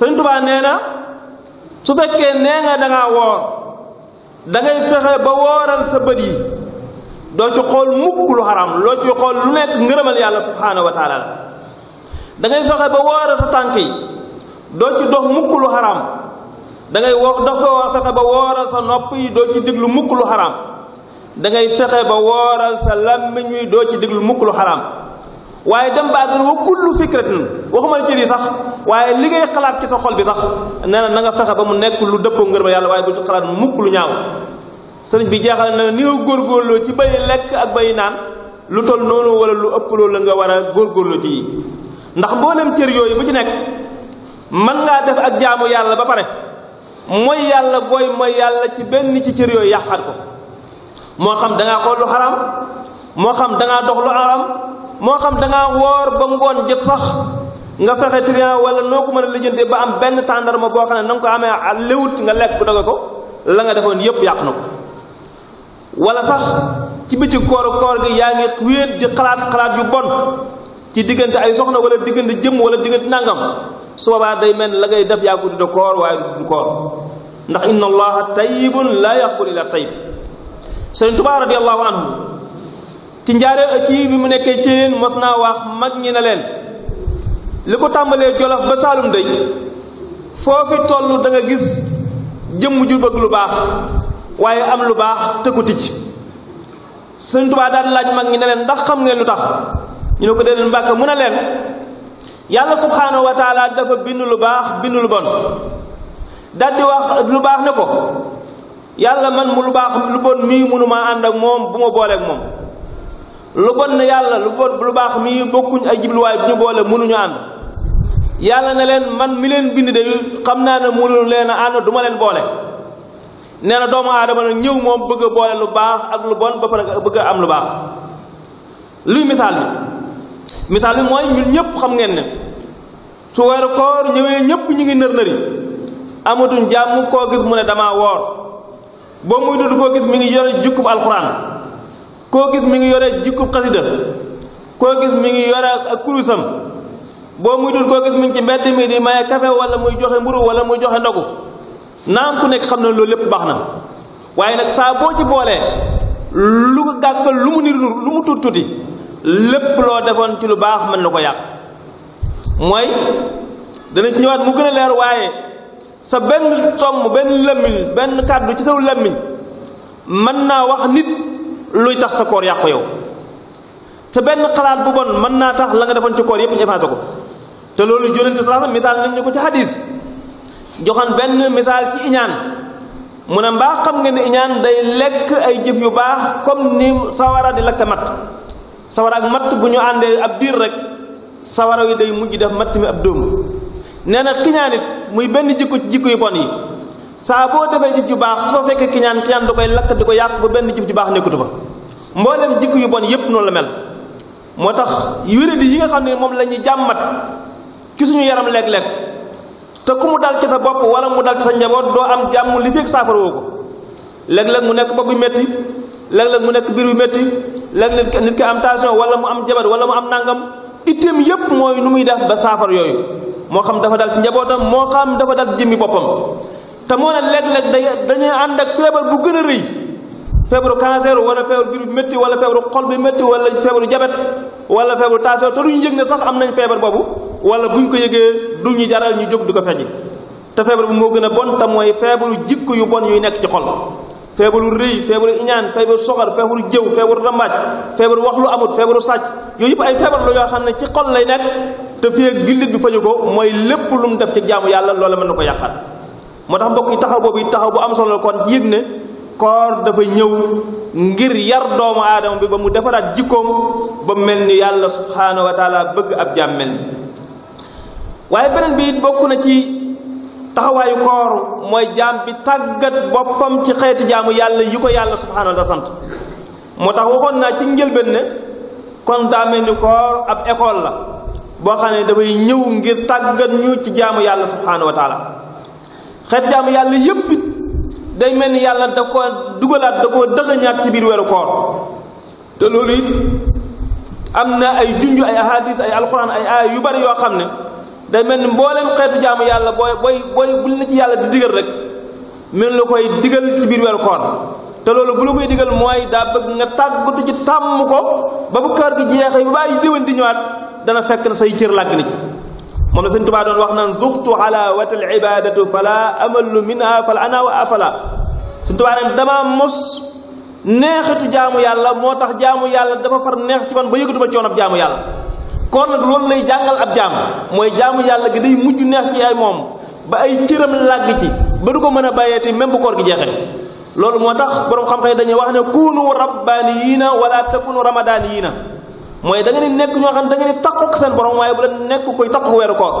sëñ Tuubaa nee na su fekkee nee nga da ngaa woor da ngay fexe ba wooral sa bët yi doo ci xool mukk lu xaram loo ci xool lu nekk ngërëmal yàlla subhaanahu wa dangay la fexe ba wooral sa tànk yi doo ci dox mukk lu xaram da ngay woo dox fexe ba wooral sa nopp yi doo ci diglu mukk lu xaram da fexe ba wooral sa làmmiñ wi doo ci diglu mukk lu xaram waaye dem ba àgg wa kullu fikratin waxuma la cër yi sax waaye li ngay xalaat ci sa xol bi sax nee na na fexe ba mu nekk lu dëppoo ngërëm yàlla waaye bu ci xalaat mukk lu ñaaw sëriñ bi jeexal na ni nga góorloo ci bay lekk ak bay naan lu toll noonu wala lu ëpp loolu la nga war a góorgóorloo ci yi ndax mboolem cër yooyu bu ci nekk mën ngaa def ak jaamu yàlla ba pare mooy yàlla gooy mooy yàlla ci benn ci cër yooyu yàqaat ko moo xam da ngaa xool lu moo xam da ngaa woor ba ngoon jot sax nga fexe trian wala noo ko mën a lijjante ba am benn tàndarma boo xam ne na ko amee léwut nga lekk doge ko la nga defoon yépp yàq na ko wala sax ci bëccëg kooru koor gi yaa ngi wéet di xalaat xalaat yu bon ci diggante ay soxna wala diggante jëm wala diggante nangam su boobaa day mel la ngay def yaa ko tudde koor waaye du koor ndax inna allaha tayyibun la yaqbul illa tayyib sëriñ Tuubaa radiyallahu ci njaare ci bi mu nekkee ci Ceyeen mos naa wax mag ñi ne leen li ko tàmbalee Jolof ba Saalum dëj foofu tollu danga gis jëmm ju lu baax waaye am lu baax tëkku ticc Sëñ Tuubaa daan laaj mag ñi ne leen ndax xam ngeen lu tax ñu ne ko dee leen Mbàkke mu ne leen yàlla subhaanahu wa taala dafa bind lu baax bind lu bon dal wax lu baax ne ko yàlla man mu lu baax lu bon mii mënumaa ànd ak moom bu ma booleeg moom lu bon na yàlla lu bon lu baax mii bokkuñ ay jibluwaay bi ñu boole mënuñu ànd yàlla ne leen man mi leen bind de xam naa ne mënu leen a ànd du ma leen boole nee na doomu aadama nag ñëw moom bëgg a boole lu baax ak lu bon ba bëgg am lu baax luy misaal bi misaal bi mooy ñun ñëpp xam ngeen ne su weeru koor ñëwee ñëpp ñu ngi nër nëri amatuñ jàmm koo gis mu ne damaa woor boo muy dund koo gis mi ngi yore jukkub alxuraan koo gis mi ngi yore jikkub xasida koo gis mi ngi yore ak kurusam boo muy dul koo gis mi ngi ci mbedd mi di maye café wala muy joxe mburu wala muy joxe ndogu naam ku nekk xam na loolu lépp baax na waaye nag saa boo ci boolee lu ko gàkkal lu mu nir lu mu tuut tuuti lépp loo defoon ci lu baax man na ko yàq mooy danañ ñëwaat mu gën a leer waaye sa benn tomb benn lëmmiñ benn kàddu ci saw lëmmiñ mën naa wax nit luy tax sa koor yàqu yow te benn xalaat bu bon mën naa tax la nga defoon ci koor yépp ñu effacé ko te loolu yonente salaam misaal nañ ñu ko ci hadis joxan benn misaal ci iñaan mu ne mbaa xam nga ne iñaan day lekk ay jëf yu baax comme ni sawara di lekk matt sawara matt bu ñu àndee ab diir rek sawara yi day mujj def matt mi ab dóom nee na kiñaan it muy benn jikko ci jikko yu bon yi saa boo defee jëf ju baax soo fa fekkee kiñaan kiñaan da koy lakk di ko yàq ba benn jëf ju baax nekkatu fa mboolem jikk yu bon yépp noonu la mel moo tax wéradi yi nga xam ne moom lañuy ñuy jàmmat ci suñu yaram léeg-léeg te ku mu dal ci sa bopp wala mu dal ci sa njaboot doo am jàmm li fekk saafara woo ko léeg-léeg mu nekk bopp bi métti léeg-léeg mu nekk biir bi métti léeg-léeg nit ki am tension wala mu am jabar wala mu am nangam itteem yépp mooy nu muy def ba saafara yooyu moo xam dafa dal ci njabootam moo xam dafa dal ci jëmmi boppam te moo ne léeg-léeg day dañuy ànd ak feebar bu gën a rëy feebaru cancer wala feebaru biir bi métti wala feebaru xol bi métti wala feebaru jabet wala feebaru tension te ñu yëg ne sax am nañ feebar boobu wala ñu ko du ñu jaral ñu jóg di ko feji te feebar bu moo gën a bon te mooy feebaru jikk yu bon yuy nekk ci xol feebaru rëy feebaru iñaan feebaru soxor feebaru jëw feebaru rambaaj feebaru wax lu amut feebaru sàcc yooyu yëpp ay feebar la yoo xam ne ci xol lay nekk te fii ak gillit bi ko mooy lépp lu mu def ci jaamu yàlla loola mën na ko yàqaat moo tax mbokk yi taxaw boobu yi taxaw bu am solo kon yëg ne koor dafa ñëw ngir yar doomu aadama bi ba mu defaraat jikkoom ba mel ni yàlla subhaanahu wa bëgg ab jàmmel ni waaye beneen bi it bokk na ci taxawaayu koor mooy jaam bi tàggat boppam ci xeeti jaamu yàlla yi ko yàlla subhaanahu wa sant moo tax waxoon naa ci njëlbéen ne kon daa mel ni koor ab école la boo xam ne dafay ñëw ngir tàggat ñu ci jaamu yàlla subhaanahu wa xeet jaamu yàlla yépp day mel ni yàlla da ko dugalaat da koo dëxëñaat ci biir weeru koor te loolu it am na ay junj ay ahadis ay alxuraan ay aaya yu bari yoo xam ne day mel ni mboolem xeetu jaamu yàlla booy booy booy la ci yàlla di digal rek mel la koy digal ci biir weeru koor te loolu bu la koy digal mooy daa bëgg nga tàggatu ci tàmm ko ba bu koor gi jeexee ba bàyyi déwén di dana fekk na say cër làgg na ci moom la sëñ Tuubaa doon wax naan zuxtu xalaawata al ibaadatu falaa amalu minha fal ana wa afala sëñ Tuubaa dama damaa mos neexatu jaamu yàlla moo tax jaamu yàlla dafa far neex ci man ba yëgatuma coono ab jaamu yàlla kon nag loolu lay jàngal ab jaam mooy jaamu yàlla gi day mujj neex ci ay moom ba ay cëram làgg ci ba du ko mën a bàyyeeti même bu koor gi jeexee loolu moo tax boroom xam-xam dañuy wax ne kuunu rabbaaniyiina wala takunu ramadaaniyiina mooy da nga nekk ñoo xam ne danga nga ni takkook seen borom waaye bu leen nekk kuy takku weeru koor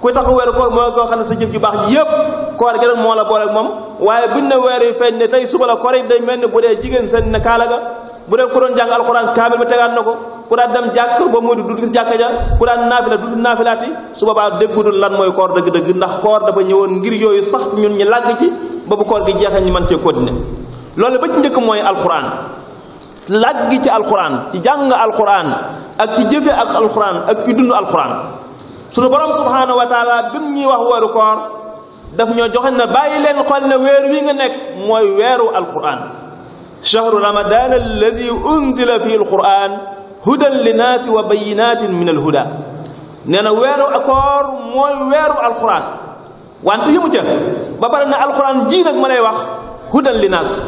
kuy takku weeru koor mooy koo xam ne sa jëf ju baax ji yëpp koor gi la boole ak moom waaye buñ ne weer ne tey suba la koor yi day mel dee jigéen seen ne kaala ga bu dee ku doon jàng alxuraan kaamil ba tegaat na ko ku daan dem jàkk ba muy du gis ja ku daan naafila du naafilaati su boobaa déggudul lan mooy koor dëgg-dëgg ndax koor dafa ñëwoon ngir yooyu sax ñun ñi làgg ci ba bu koor gi jeexee ñu mën cee continuer loolu ba ci njëkk mooy alxuraan làggi ci alquran ci jàng alquran ak ci jëfe ak alquran ak ci dund alquran sunu borom subhaanahu wa taala bi mu ñuy wax weeru koor daf ñoo joxe na bàyyi leen xol ne weer wi nga nekk mooy weeru alquran shahru ramadan alladi unzila fi alquran hudan linnaasi wa bayinatin min alhuda nee na weeru koor mooy weeru alquran wante yi mu ca ba na alquran ji nag ma lay wax hudan linnaas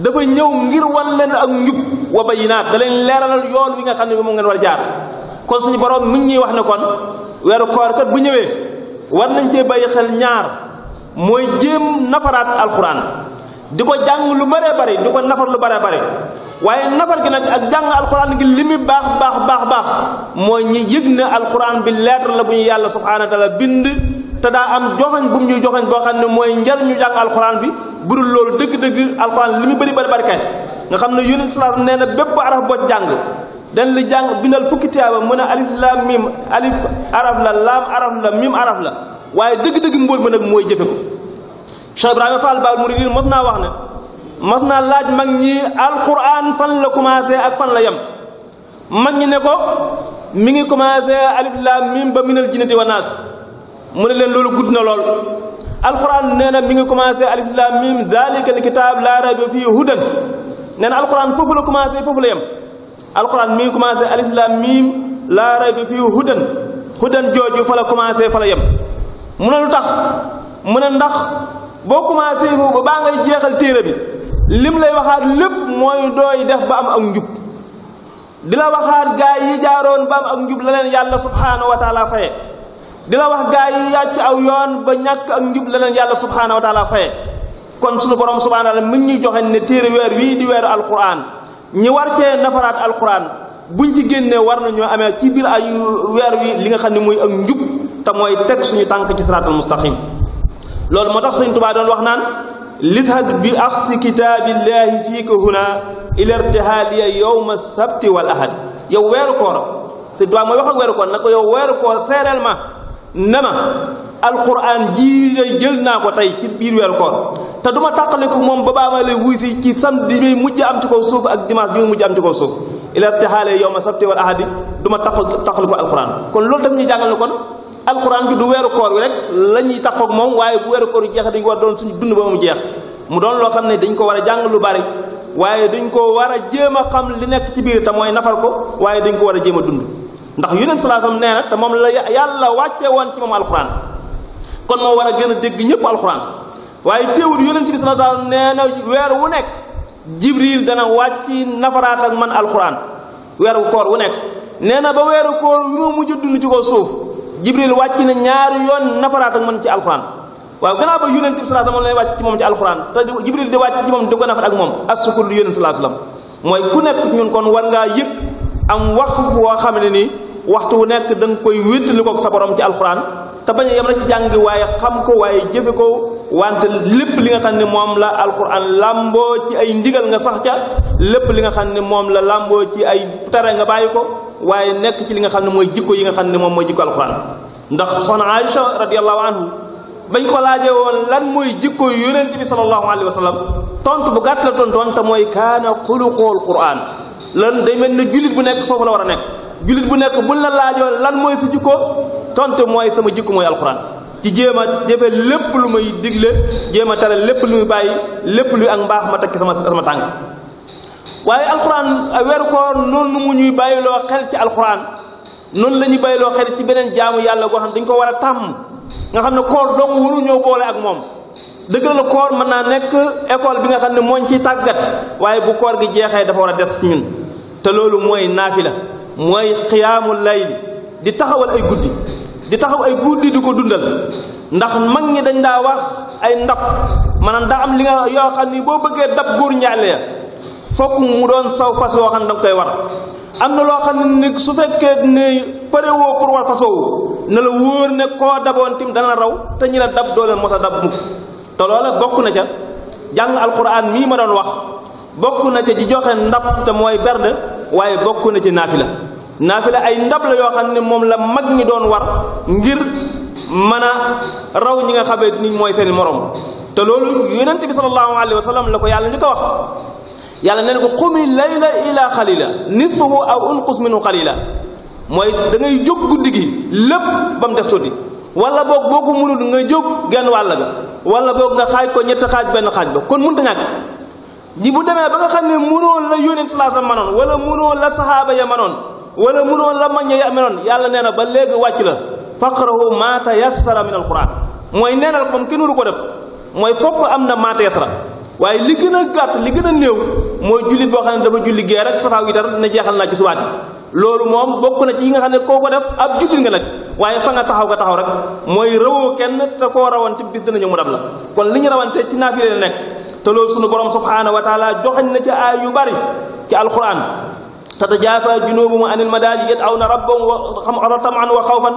dafa ñëw ngir wan leen ak njub wa bayinaat da leen leeralal yoon wi nga xam ne bi moom ngeen war a jaar kon suñu borom mi ngi ñuy wax ne kon weeru koor kat bu ñëwee war nañ cee bàyyi xel ñaar mooy jéem nafaraat alquran di ko jàng lu bëree bari di ko nafar lu bëree bari waaye nafar gi nag ak jàng alquran gi li mu baax baax baax baax mooy ñu yëg ne alquran bi lettre la bu ñu yàlla subhanahu wa taala bind te daa am joxañ bu mu ñuy joxañ boo xam ne mooy njariñu jàng alxuraan bi bu dul loolu dëgg-dëgg alxuraan li mu bëri bëri barke nga xam ne yonent salaam nee na bépp araf boo jàng dañ la jàng bindal fukki tiyaaba mën a alif laam mim alif araf la laam araf la mim araf la waaye dëgg-dëgg mbóot ma nag mooy jëfe ko Cheikh Ibrahima Fall Baal Mouridine naa wax ne mos naa laaj mag ñi alxuraan fan la commencé ak fan la yem mag ñi ne ko mi ngi commencé alif laam mim ba minal jinnati mu ne leen loolu gudd na lool alquran nee na mi ngi commencé alif lam mim zalika alkitab la rayba fii hudan nee na alquran foofu la commencé foofu la yem alquran mi commencé alif lam mim la rayba fii hudan hudan jooju fa la commencé fa yem mu ne lu tax mu ne ndax boo commencé foofu baa ngay jeexal téere bi lim lay waxaat lépp mooy dooy def ba am ak njub di la waxaat gaa yi jaaroon ba am ak njub la leen yàlla subhaanahu wa taala faye di la wax gaa yi yàcc aw yoon ba ñàkk ak njub leneen yàlla subhaanahu wa taala faye kon suñu borom subhaanahu wa taala mi ngi ñuy joxe ne téere weer wii di weeru alquran ñi war cee nafaraat alquran buñ ci génnee war nañoo amee ci biir ay weer wi li nga xam ne muy ak njub te mooy teg suñu tànk ci siraatal mustaqim loolu moo tax sëñ Tuubaa doon wax naan lishad bi axsi kitaabillahi fii ka huna ila irtihaaliya yowma sabti wal ahad yow weeru koor ko yow weeru koor seereel ne ma alquran jii lay jël naa ko tey ci biir weeru koor te du ma tàqale moom ba baa ma lay wuy si ci samedi bi mujj am ci kaw suuf ak dimanche bi mujj am ci kaw suuf ila taxaale yow ma sabti wal ahadi du ma taq taqale ko alquran kon loolu daf ñuy jàngal ne kon alquran bi du weeru koor wi rek la ñuy taqoog moom waaye bu weeru koor yu jeex dañu war doon suñu dund ba mu jeex mu doon loo xam ne dañ ko war a jàng lu bari waaye dañ ko war a jéem a xam li nekk ci biir te mooy nafar ko waaye dañ ko war a jéem a dund ndax yonent sallallahu alayhi wasallam nee na te moom la yàlla wàcce woon ci moom alxuraan kon moo war a gën a dégg ñëpp alxuraan waaye teewul yonent bi sallallahu alayhi wasallam nee na weer wu nekk jibril dana wàcc nafaraat ak man alxuraan weeru koor wu nekk nee na ba weeru koor wi ma mujj dund ci ko suuf jibril wàcc na ñaari yoon nafaraat ak man ci alxuraan waaw gannaaw ba yonent bi sallallahu alayhi wasallam wàcc ci moom ci alxuraan te jibril di wàcc ci moom di ak moom as sukul yonent am waxtu woo xam ne nii waxtu wu nekk da nga koy wéttali ko sa borom ci alxuraan te bañ a yem rek jàng waaye xam ko waaye jëfe ko wante lépp li nga xam ne moom la alxuraan làmboo ci ay ndigal nga sax ca lépp li nga xam ne moom la làmboo ci ay tere nga bàyyi ko waaye nekk ci li nga xam ne mooy jikko yi nga xam ne moom mooy jikko alxuraan ndax soxna Aïcha radiyallahu anhu bañ ko laajee woon lan mooy jikko yonent bi sallallahu alayhi wa sallam bu gàtt la tontoon te mooy kaana xuluqul lan day mel ne jullit bu nekk foofu la war a nekk jullit bu nekk buñ la laajoo lan mooy sa jikko tontu mooy sama jikko mooy alxuraan ci jéem a jëfe lépp lu muy digle jéem a tere lépp lu muy bàyyi lépp luy ak mbaax ma takki sama sama tànk waaye alxuraan weeru koor noonu mu ñuy bàyyiloo xel ci alxuraan noonu la ñuy bàyyiloo xel ci beneen jaamu yàlla goo dañ ko war a tàmm nga xam ne koor dong waru ñëw boole ak moom dëgg la koor mën naa nekk école bi nga xam ne mooñ ci tàggat waaye bu koor gi jeexee dafa war a des ci ñun te loolu mooy naafila mooy xiyaamu lay di taxawal ay guddi di taxaw ay guddi di ko dundal ndax mag ñi dañ daa wax ay ndab maanaam daa am li nga yoo xam ni boo bëggee dab góor njaale ya mu doon saw fas woo xam koy war am na loo xam ne ni su fekkee ne pare woo pour war fas woowu ne la wóor ne koo daboon tim dana raw te ñi la dab doole moo tax dab mukk te loola bokk na ca jàng alquran mii ma doon wax bokk na ca ji joxe ndab te mooy berde waaye bokk na ci naafila naafila ay ndab la yoo xam ne moom la mag ñi doon war ngir mën a raw ñi nga xamee ni mooy seen morom te loolu yonent bi sallallahu alayhi wa la ko yàlla ñu ko wax yàlla nee na ko qumi layla ila xalila nisfahu aw unqus minhu xalila mooy dangay ngay jóg guddi gi lépp ba mu def tuuti wala boog boo ko mënul nga jóg genn wàll ga wala boog nga xaaj ko ñett xaaj benn xaaj ba kon mënta ñàkk ji bu demee ba nga xam ne mënoo la yónent la sa manoon wala mënoo la saxaaba ya manoon wala mënoo la maññe ya manoon yàlla nee na ba léegi wàcc la faqrahu ma tayassara min alquran mooy nee na moom kenn du ko def mooy fokk am na ma tayassara waaye li gën a gàtt li gën a néew mooy jullit boo xam ne dafa julli gee rek sataaw yi dara dina jeexal naa ci subaati loolu moom bokk na ci yi nga xam ne koo ko def ab jullit nga nag waaye fa taxaw nga taxaw rek mooy rëwoo kenn te koo rawante bis dinañu mu dab la kon li ñu rawante ci naafile la nekk te loolu sunu borom subhaanahu wa taala joxañ na ci aay yu bari ci alquran tatajaafa junubuhum anil madaaji yad'awna rabbahum wa tam'an wa xawfan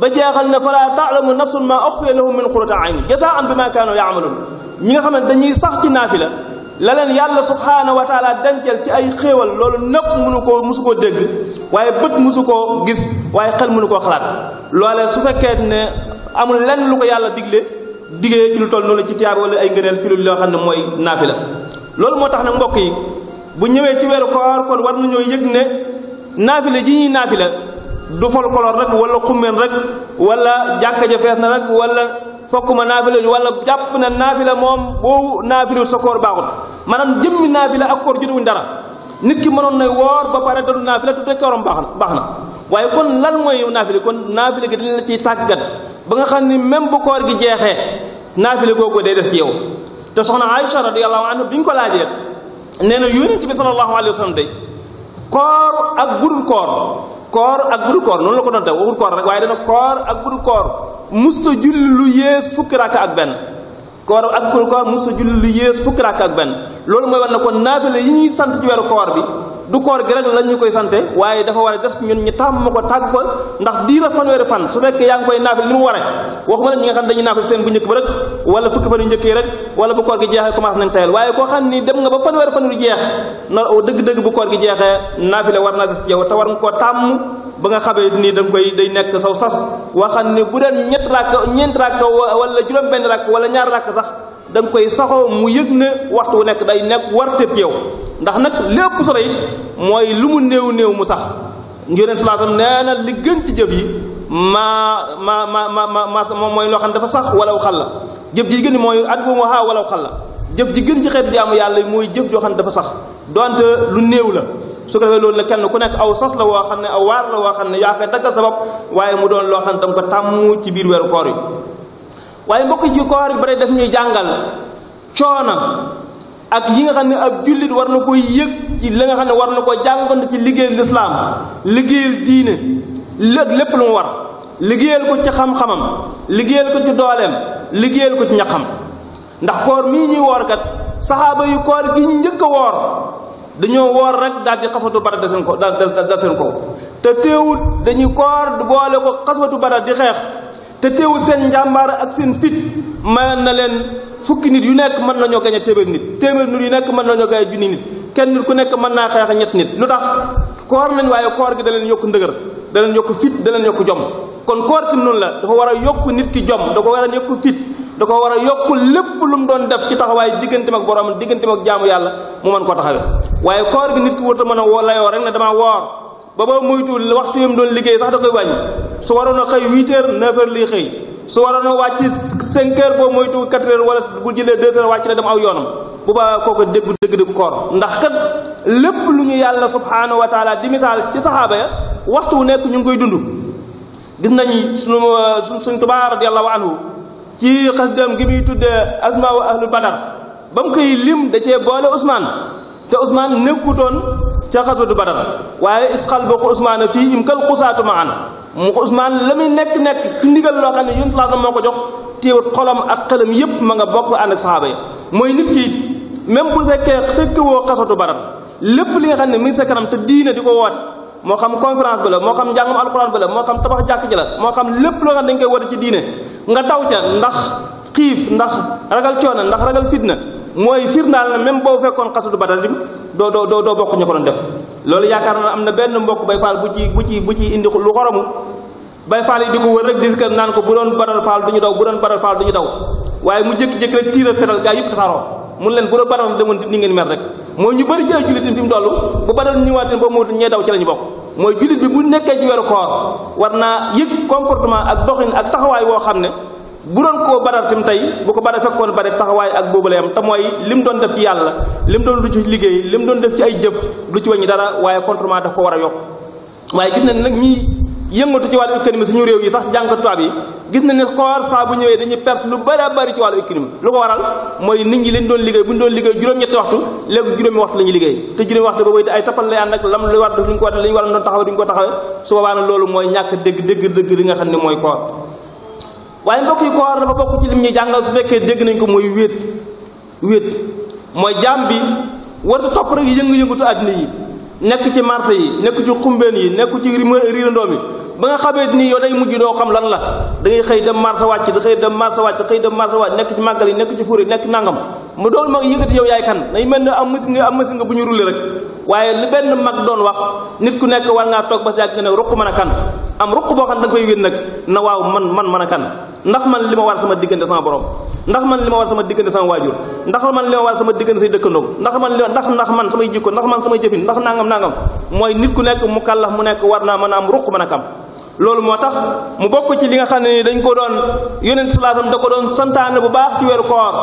ba jeexal ne fala ta'lamu nafsun ma ukhfiya lahum min qurrati a'yun jazaa'an bima kaanu ya'malun ñi nga xam ne dañuy sax ci naafila la yàlla subhaanahu wa taala dencal ci ay xéewal loolu nëpp mënu koo mësu koo dégg waaye bëgg mësu koo gis waaye xel mënu koo xalaat loolee su fekkee ne amul lenn lu ko yàlla digle digee ci lu toll noonu ci tiyaab wala ay ngëneel ci lu loo xam ne mooy naafi la loolu moo tax nag mbokk yi bu ñëwee ci weeru koor kon war nañoo yëg ne naafila ji ñuy naafila du folkoloor rek wala xummeen rek wala jàkka fees na rek wala fokk ma naafila wala jàpp na naafila moom boo naafilu sa koor baaxut maanaam jëmmi naafila ak koor jotewuñ dara nit ki mënoon na woor ba pare dalu naafila te doy kooram baax na na waaye kon lan mooy yow naafila kon naafila gi dañ la ciy tàggat ba nga xam ni même bu koor gi jeexee naafila googu day des ci yow te soxna Aïcha radiyallahu anha bi ñu ko laajee nee na yonent bi sallallahu alayhi wa sallam day koor ak budul koor koor ak budul koor noonu la ko doon def waxul koor rek waaye dana koor ak budul koor musta julli lu yées fukki rakka ak benn koor ak koor musu julli lu yées fukki rakk ak benn loolu mooy war na kon naafila yi ñuy sant ci weeru koor bi du koor gi rek lañ ñu koy sante waaye dafa war a des ñun ñu tàmm ko tàgg ko ndax diira fanweeri fan su fekkee yaa ngi koy naafil ni mu waree waxuma nag ñi nga xam dañuy naafil seen bu njëkk ba rek wala fukki fan yu njëkk yi rek wala bu koor gi jeexee commencé nañ waaye koo xam ni dem nga ba fanweeri fan yu jeex na dëgg-dëgg bu koor gi jeexee naafile war naa des ci te war nga koo tàmm ba nga xamee nii da nga koy day nekk saw sas waxam ne bu deen ñett rakk ñeent rakk wala juróom benn rakk wala ñaari rakk sax da koy saxoo mu yëg ne waxtu wu nekk day nekk warteef yow ndax nag lépp solo yi mooy lu mu néew néew mu sax njëriñ salaatam nee na li gën ci jëf yi maa ma ma maa ma mooy loo xam ne dafa sax walaw xal la jëf ji gën mooy at boobu haa walaw xal jëf ji gën ci xeet jaamu yàlla yi mooy jëf joo xam ne dafa sax donte lu néew la su ko defee loolu nag kenn ku nekk aw sas la woo xam ne aw waar la woo xam ne yaa koy daggal sa bopp waaye mu doon loo xam ne danga ko tàmm ci biir weeru koor yi waaye mbokk ji koor gi bare daf ñuy jàngal coono ak yi nga xam ne ab jullit war na koy yëg ci li nga xam ne war na ko jàngant ci liggéey lislaam liggéeyal diine lëg lépp lu mu war liggéeyal ko ci xam-xamam liggéeyal ko ci dooleem liggéeyal ko ci ñaqam ndax koor mii ñuy woor kat saxaaba yu koor gi njëkk a woor dañoo woor rek daal di xaswatu bara da seen ko dal seen ko te teewut dañuy koor boole ko xaswatu bara di xeex te teewul seen njàmbaar ak seen fit man na leen fukki nit yu nekk mën nañoo gañe téeméer nit téeméer nit yu nekk mën nañoo gañe junni nit kenn nit ku nekk mën naa xeex ñett nit lu tax koor lañ waaye koor gi daleen yokk ndëgër da leen yokk fit da leen yokk jom kon koor noonu la dafa war a yokk nit ki jom da ko war a yokk fit da ko war a yokk lépp lu mu doon def ci taxawaay diggante ak borom digganteem ak jaamu yàlla mu man koo taxawee waaye koor gi nit ki warut mën a woo layoo rek ne damaa woor ba ba muytuwul waxtu liggéey sax da koy wàññi su waroon a xëy huit heures neuf heures lii xëy su waroon a wàcc cinq heures boobu moytu quatre heures wala bu jëlee deux heures wàcc na dem aw yoonam bu baa kooku déggu dégg dégg koor ndax kat lépp lu ñu yàlla subhaanahu wa taala di misaal ci saxaaba ya waxtu wu nekk ñu ngi koy dund gis nañ su suñ tubaa radiallahu anhu ci xasdam gi muy tuddee asmaa wa ahlu badar ba mu koy lim da cee boole Ousmane te Ousmane nekkutoon ca xasatu badar waaye it xal ba ko Ousmane fii im kal xusaatu maan mu ko Ousmane la muy nekk nekk ci ndigal loo xam ne yun salaasam moo ko jox téewut xolam ak xelam yépp ma nga bokk ànd ak saxaaba yi mooy nit ki même bu fekkee fekk woo xasatu badar lépp li nga xam ne mi ngi sa kanam te diine di ko woote moo xam conférence ba la moo xam njàngum alxuraan ba la moo xam tabax jàkk ji la moo xam lépp loo xam ne dañ koy woote ci nga taw ca ndax xiif ndax ragal coono ndax ragal fitna mooy firndaal na même boo fekkoon xasatu badar dim doo doo doo doo bokk ñu ko doon def loolu yaakaar naa am na benn mbokk bay faal bu ci bu ci bu ci indi lu xoromu bay faal yi di ko wër rek di ko naan ko bu doon faal du ñu daw bu doon badar faal du ñu daw waaye mu jékki-jékki rek tiira fetal gaa yëpp tasaaroo mun leen bu doon badar demoon ni ngeen mer rek mooy ñu bëri ci jullitin fi mu dollu bu badar ñëwaatee boo mu ñee daw ci ñu bokk mooy jullit bi bu nekkee ci weeru koor war ak doxin ak taxawaay woo xam ne bu doon koo badar tim tey bu ko badar fekkoon bare taxawaay ak boobu la yam te mooy lim doon def ci yàlla lim doon lu ci liggéey lim doon def ci ay jëf lu ci wàññi dara waaye contrement daf ko war a yokk waaye gis nañ nag ñi yëngatu ci wàllu économie suñu réew yi sax jàngat tubaab yi gis ne koor saa bu ñëwee dañuy perte lu bëri bëri ci wàllu économie lu ko waral mooy nit ñi leen doon liggéey bu ñu doon liggéey juróom-ñetti waxtu léegi juróomi waxtu la ñuy liggéey te juróomi waxtu boobu ay tappal li nga xam ne mooy koor waaye mbokk yi koor dafa bokk ci lim ñuy jàngal su fekkee dégg nañ ko mooy wéet wéet mooy jaam bi warta topp rek yëngu-yëngutu àddina yi nekk ci marché yi nekk ci xumbeen yi nekk ci riirandoo mi ba nga xamee ni yow day mujj doo xam lan la da ngay xëy dem marché wàcc da xëy dem marché wàcc da xëy dem marché wàcc nekk ci màggal yi nekk ci furi nekk nangam mu doon mag yëngati yow yaay kan day mel ne am machine nga am machine nga bu ñu rulli rek waaye lu benn mag doon wax nit ku nekk war ngaa toog ba si yàgg nga ne ruq mën a kan am ruq boo xam da nga koy wén nag na waaw man man mën a kan ndax man li ma war sama diggante sama borom ndax man li ma war sama diggante sama waajur ndax man li ma war sama dëkkandoo ndax man li ndax ndax man samay jikko ndax man samay jëfin ndax nangam nangam mooy nit ku nekk mu kallax mu nekk war naa mën a am ruq mën a kam loolu moo tax mu bokk ci li nga xam ne ni dañ ko doon yonent salaatam da ko doon santaane bu baax ci weeru koor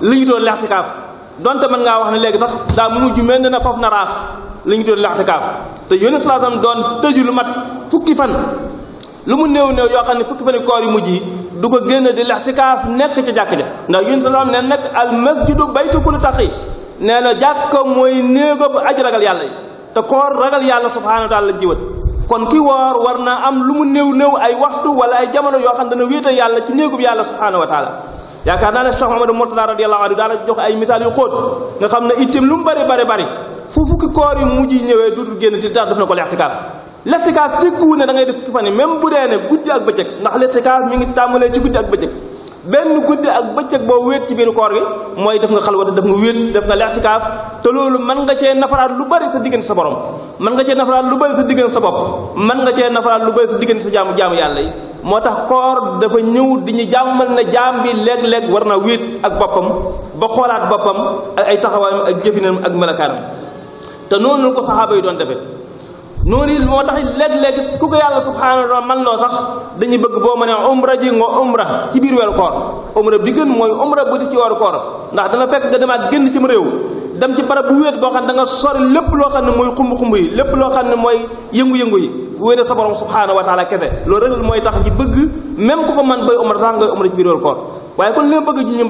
li ñu doon lextikaaf donte mën ngaa wax ne léegi sax daa mujj mel na foofu na raaf li ñu tuddee laxtikaaf te yónni sallallahu alayhi doon tëju lu mat fukki fan lu mu néew néew yoo xam ne fukki fan yi koor yu mujj yi du ko génn di laxtikaaf nekk ca jàkk ja ndax yónni sallallahu alayhi wasallam ne nag al masjidu baytu kulli nee na jàkka mooy néego bu aji ragal yàlla yi te koor ragal yàlla subhaanahu wa la jiwat kon ki woor war na am lu mu néew néew ay waxtu wala ay jamono yoo xam ne dana wéetal yàlla ci néegub yàlla subhaanahu wa taala yaakaar naa ne Cheikh Mamadou Mourtada radiyallahu anhu daana jox ay misaal yu xóot nga xam ne itteem lu mu bari bari bari fu fukki koor yi mujj ñëwee duutul génn ci dara def na ko leextikaaf leextikaaf tekkiwul ne da ngay def fukki fan yi même bu dee ne guddi ak bëccëg ndax leextikaaf mi ngi tàmbalee ci guddi ak bëccëg benn guddi ak bëccëg boo wéet ci biir koor gi mooy def nga xalwata def nga wéet def nga leextikaaf te loolu mën nga cee nafaraat lu bari sa diggante sa borom mën cee nafaraat lu bëri sa sa bopp mën nga cee nafaraat lu bëri sa diggante sa jaamu jaamu yàlla yi moo tax koor dafa ñëw di ñu jàmmal na jaam bi léeg-léeg war na wéet ak boppam ba xoolaat boppam ak ay taxawaayam ak jëfinam ak melakaanam te noonu ko saxaaba yi doon defee noonu it moo tax léeg-léeg ku ko yàlla subhaanahu wa taala man loo sax dañuy bëgg boo mënee umra ji nga umra ci biir weeru koor umra di gën mooy umra bu di ci weeru koor ndax dana fekk nga demaat génn ci réew dem ci barab bu wéet boo xam ne danga nga sori lépp loo xam ne mooy xumb-xumb yi lépp loo xam ne mooy yëngu-yëngu yi wéetal sa borom subhaanahu wa taala kese loolu rek mooy tax ñi bëgg même ku ko man bay umra tax ngay umra koor waaye kon li ma bëgg ñu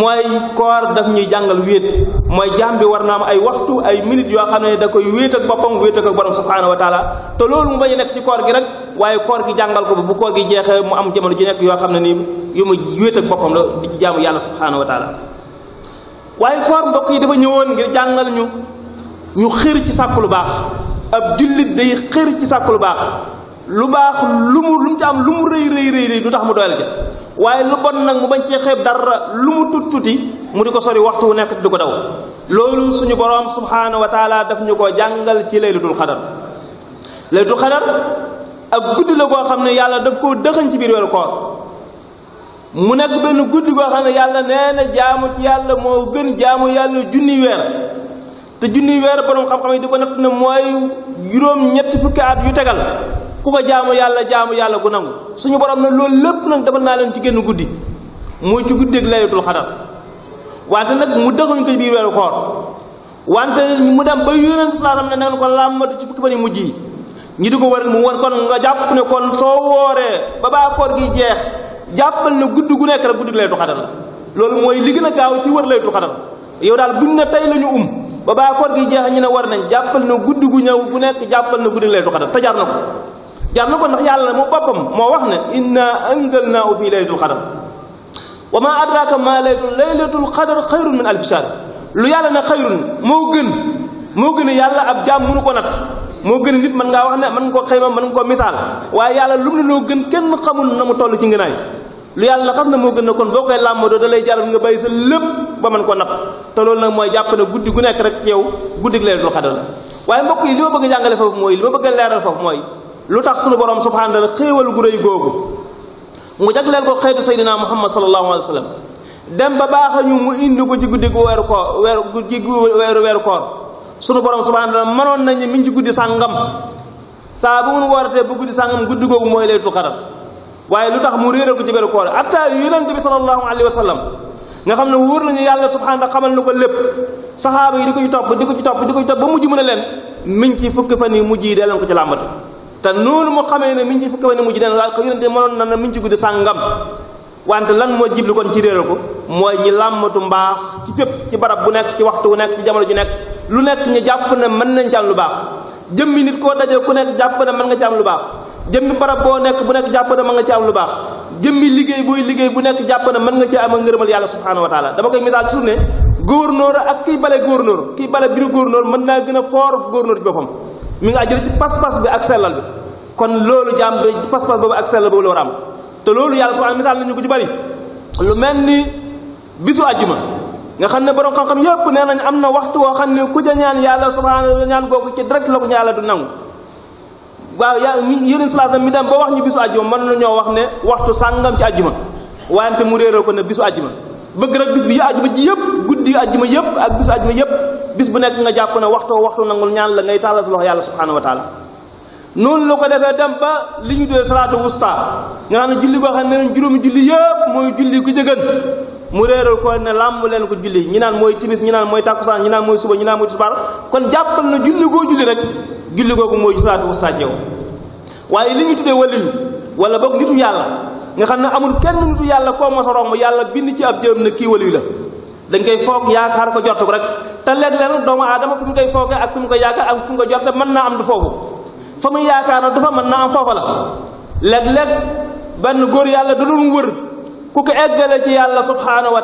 mooy koor daf ñuy jàngal wéet mooy jaam bi war naa am ay waxtu ay minutes yoo xam ne da koy wéet ak boppam wéet ak borom subhaanahu wa taala te loolu mu bañ a nekk ci koor gi rek waaye koor gi jàngal ko ba bu koor gi jeexee mu am jamono ji nekk yoo xam ne nii yu mu wéet ak boppam la di ci jaamu yàlla subhaanahu wa waaye koor mbokk yi dafa ñëwoon ngir jàngal ñu ñu xër ci sàkk lu baax ab jullit day xër ci sàkk lu baax lu baax lu mu lu mu ci am lu mu rëy rëy rëy rëy du tax mu doyal ca waaye lu bon nag mu bañ cee xeeb dara lu mu tut tuti mu di ko sori waxtu wu nekk di ko daw loolu suñu boroom subhaanahu wa taala daf ñu ko jàngal ci laylatul xadar laylatul xadar ak guddi la goo xam ne yàlla daf koo dëxañ ci biir weeru koor mu nekk benn guddi goo xam ne yàlla nee na jaamu yàlla moo gën jaamu yàlla junni weer te junni weer borom xam-xam yi di ko natt ne mooy juróom ñetti fukki at yu tegal ku ko jaamu yàlla jaamu yàlla gu nangu suñu borom ne loolu lépp nag defal naa leen ci génn guddi mooy ci guddeeg laylatul xadar wante nag mu dëxuñ ko biir weeru koor wante mu dem ba yonent salaatam ne neen ko làmbatu ci fukki fan yu mujj yi ñi di ko war mu war kon nga jàpp ne koon soo wooree ba gi jeex jàppal na guddi gu nekk rek guddi lay tuxadar la loolu mooy li gën a gaaw ci wër lay tuxadar yow daal buñ ne tey la um ba baa koor gi jeex ñu ne war nañ jàppal na guddi gu ñëw gu nekk jàppal na guddi lay tuxadar te jar na ko jar na ko ndax yàlla mu boppam moo wax ne inna anzalnaahu fii laylatul qadr wa ma adraka ma laylatul laylatul qadr xayrun min alfi shahr lu yàlla na xayrun moo gën moo gën a yàlla ab jaam mënu ko nat moo gën a nit mën ngaa wax ne man nga ko xayma man nga ko misaal waaye yàlla lu mu ne loo gën kenn xamul na mu toll ci ngënaay lu yàlla xam na moo gën a kon boo koy làmmadoo da lay jaral nga bàyyi sa lépp ba mën ko napp te loolu nag mooy jàpp ne guddi gu nekk rek ci yow guddi gi Laylatul Qadr la waaye mbokk yi li ma bëgg a jàngale foofu mooy li ma bëgg a foofu mooy lu tax suñu borom subhaanahu wa taala xéewal gu rëy googu mu jagleel ko xeetu sayyidina Muhammad sallallahu alayhi wa sallam dem ba baax ñu mu indi ko ci guddi gu weeru koor weeru ci weeru weeru koor sunu borom subhanahu wa taala mënoon nañu mi ngi ci guddi sàngam saa bu mu wooratee bu guddi sàngam guddi googu mooy laytu xadar waaye lu tax mu réere ko ci beru koor hatta yonent bi sallallahu alayhi wa sallam nga xam ne wóor nañu yàlla subhanahu wa xamal na ko lépp saxaaba yi di ko ci topp di ko ci topp di ko ci topp ba mujj mën a leen mi ngi ci fukki fan yi mujj yi dee leen ko ci làmbatu te noonu mu xamee ne mi ngi ci fukki fan yi mujj yi dee waaye ko na na mi ngi ci wante lan moo jibli kon ci réeral ko mooy ñi làmmatu mbaax ci fépp ci barab bu nekk ci waxtu wu nekk ci jamono ji nekk lu nekk ñu jàpp na mën nañ ci am lu baax jëmmi nit koo dajee ku nekk jàpp ne mën nga ci am lu baax jëmmi barab boo nekk bu nekk jàpp ne nga ci am lu baax jëmmi liggéey booy liggéey bu nekk jàpp ne mën nga ci am a ngërëmal yàlla subhanahu wa taala dama koy misaal toujours ne gouverneur ak kiy bale gouverneur kiy bale góor gouverneur mën naa gën a foor gouverneur ci boppam mi nga ajjële ci pas-pas bi ak sellal kon loolu jàmm bi pas boobu ak sellal boobu la am te loolu yàlla subhanahu misaal nañu ko ci bari lu mel ni bisu ma nga xam ne borom xam-xam yépp nee nañ am na waxtu woo xam ne ku ja ñaan yàlla subhanahu ñaan googu ci direct la ko yàlla du nangu waaw yàlla yeneen salaat mi dem ba wax ñu bisu àjjuma mën na ñoo wax ne waxtu sàngam ci àjjuma wayante mu réeral ko ne bisu ma bëgg rek bis bi àjjuma ji yépp guddi ma yépp ak bisu àjjuma yépp bis bu nekk nga jàpp ne waxtoo waxtu nangul ñaan la ngay tàllal sa loxo yàlla subhanahu wa noonu la ko defee dem ba li ñu dee salaatu wusta nga xam ne julli goo xam ne neen juróomi julli yëpp mooy julli ku jëgën mu réeral ko ne làmm leen ko julli ñi naan mooy timis ñi naan mooy tàkkusaan ñi naan mooy suba ñi naan mooy tisbaar kon jàppal na julli koo julli rek julli googu mooy salaatu wusta yow waaye li ñu tuddee waliyu wala boog nitu yàlla nga xam ne amul kenn nitu yàlla koo mos a romb yàlla bind ci ab jëm ne kii waliyu la dañ koy foog yaakaar ko jot rek te léeg-léeg doomu aadama fi mu koy foogee ak fi mu koy yaakaar ak fi mu koy mën naa am du foofu fa muy yaakaar na du fa mën na am foofa la léeg-léeg benn góor yàlla da doon wër ku ko eggale ci yàlla subhaanahu wa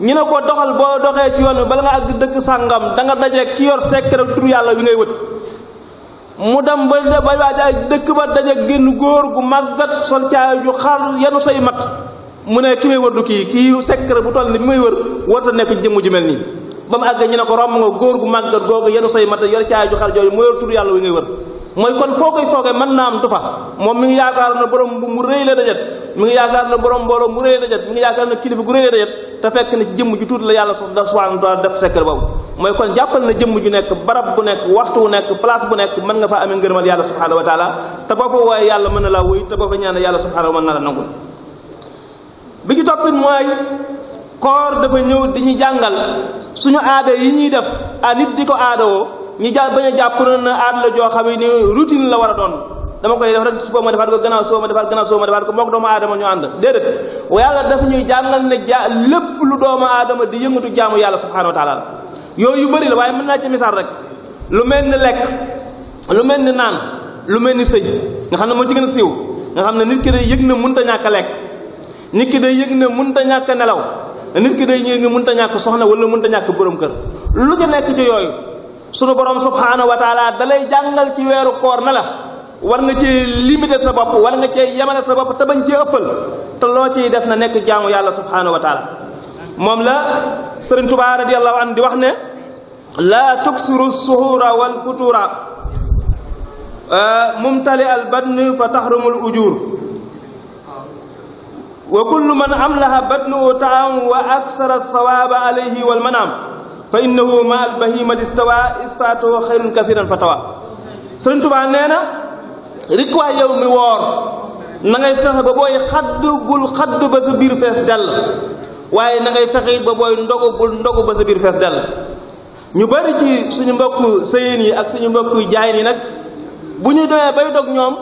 ñu ne ko doxal boo doxee ci yoon bi bala nga àgg dëkk sàngam da nga daje ki yor secret tur yàlla wi ngay wët mu dem ba ba waaj dëkk ba daje génn góor gu màggat sol caay ju xar yanu say mat mu ne ki may wër du kii kii secret bu toll ni bi may wër warta nekk jëmm ju mel nii ba mu àggee ñu ne ko romb nga góor gu màggat googu yanu say mat yor caay ju xar jooju yàlla wi ngay wër mooy kon foo koy foogee mën naa am du fa moom mi ngi yaakaar na borom bu mu rëy la dajet mi ngi yaakaar na borom mbooloo mu rëy la dajet mi ngi yaakaar na kilifa gu rëy la dajet te fekk na ci jëmm ju tuuti la yàlla subhanahu wa taala def secret boobu mooy kon jàppal na jëmm ju nekk barab bu nekk waxtu wu nekk place bu nekk mën nga faa amee ngërëmal yàlla subhanahu wa taala te boo fa wooyee yàlla mën na laa wuy te boo fa ñaanee yàlla subhanahu mën na la nangul bi ci toppit mooy koor dafa ñëw di ñu jàngal suñu aada yi ñuy def a nit di ko aadawoo ñu jàpp bañ a jàpp na aada la joo xam ne routine la war a doon dama koy def rek suba ma defaat ko gannaaw suba ma defaat gannaaw suba ma defaat ko mook doomu aadama ñu ànd déedéet wa yàlla daf ñuy jàngal ne ja lépp lu doomu aadama di yëngatu jaamu yàlla subhanahu wa taala la yooyu yu bëri la waaye mën naa ci misaal rek lu mel ni lekk lu mel ni naan lu mel ni sëy nga xam ne moo ci gën a siiw nga xam ne nit ki day yëg na mënut a ñàkk a lekk nit ki day yëg ne mënut a ñàkk a nelaw nit ki day yëg ne mënut a ñàkk soxna wala mënut a ñàkk borom kër lu ci nekk ci yooyu sunu borom subhaanahu wa taala dalay jàngal ci weeru koor na la war nga ci limiter sa bopp war nga cee yemale sa bopp te bañ cee ëppal te loo ciy def na nekk jaamu yàlla subhaanahu wa taala moom la sëriñ Tuubaa radiyallahu anhu di wax ne laa tuksiru suhura wal futura euh, mumtali al badn fa tahrumul ujur wa kullu man amlaha badnu taam wa aksara sawaaba alayhi wal manaam fa innahu ma al bahimati stawa isfaatuhu xayrun kasiran fa tawa sëriñ tubaa nee na rik waa yow mi woor na ngay fexe ba booy xaddu bul xaddu ba sa biir fees dell waaye na ngay fexe ba booy ndogu bul ndogu ba sa biir fees dell ñu bari ci suñu mbokk sëyeen yi ak suñu mbokk jaay yi nag bu ñu demee bay dog ñoom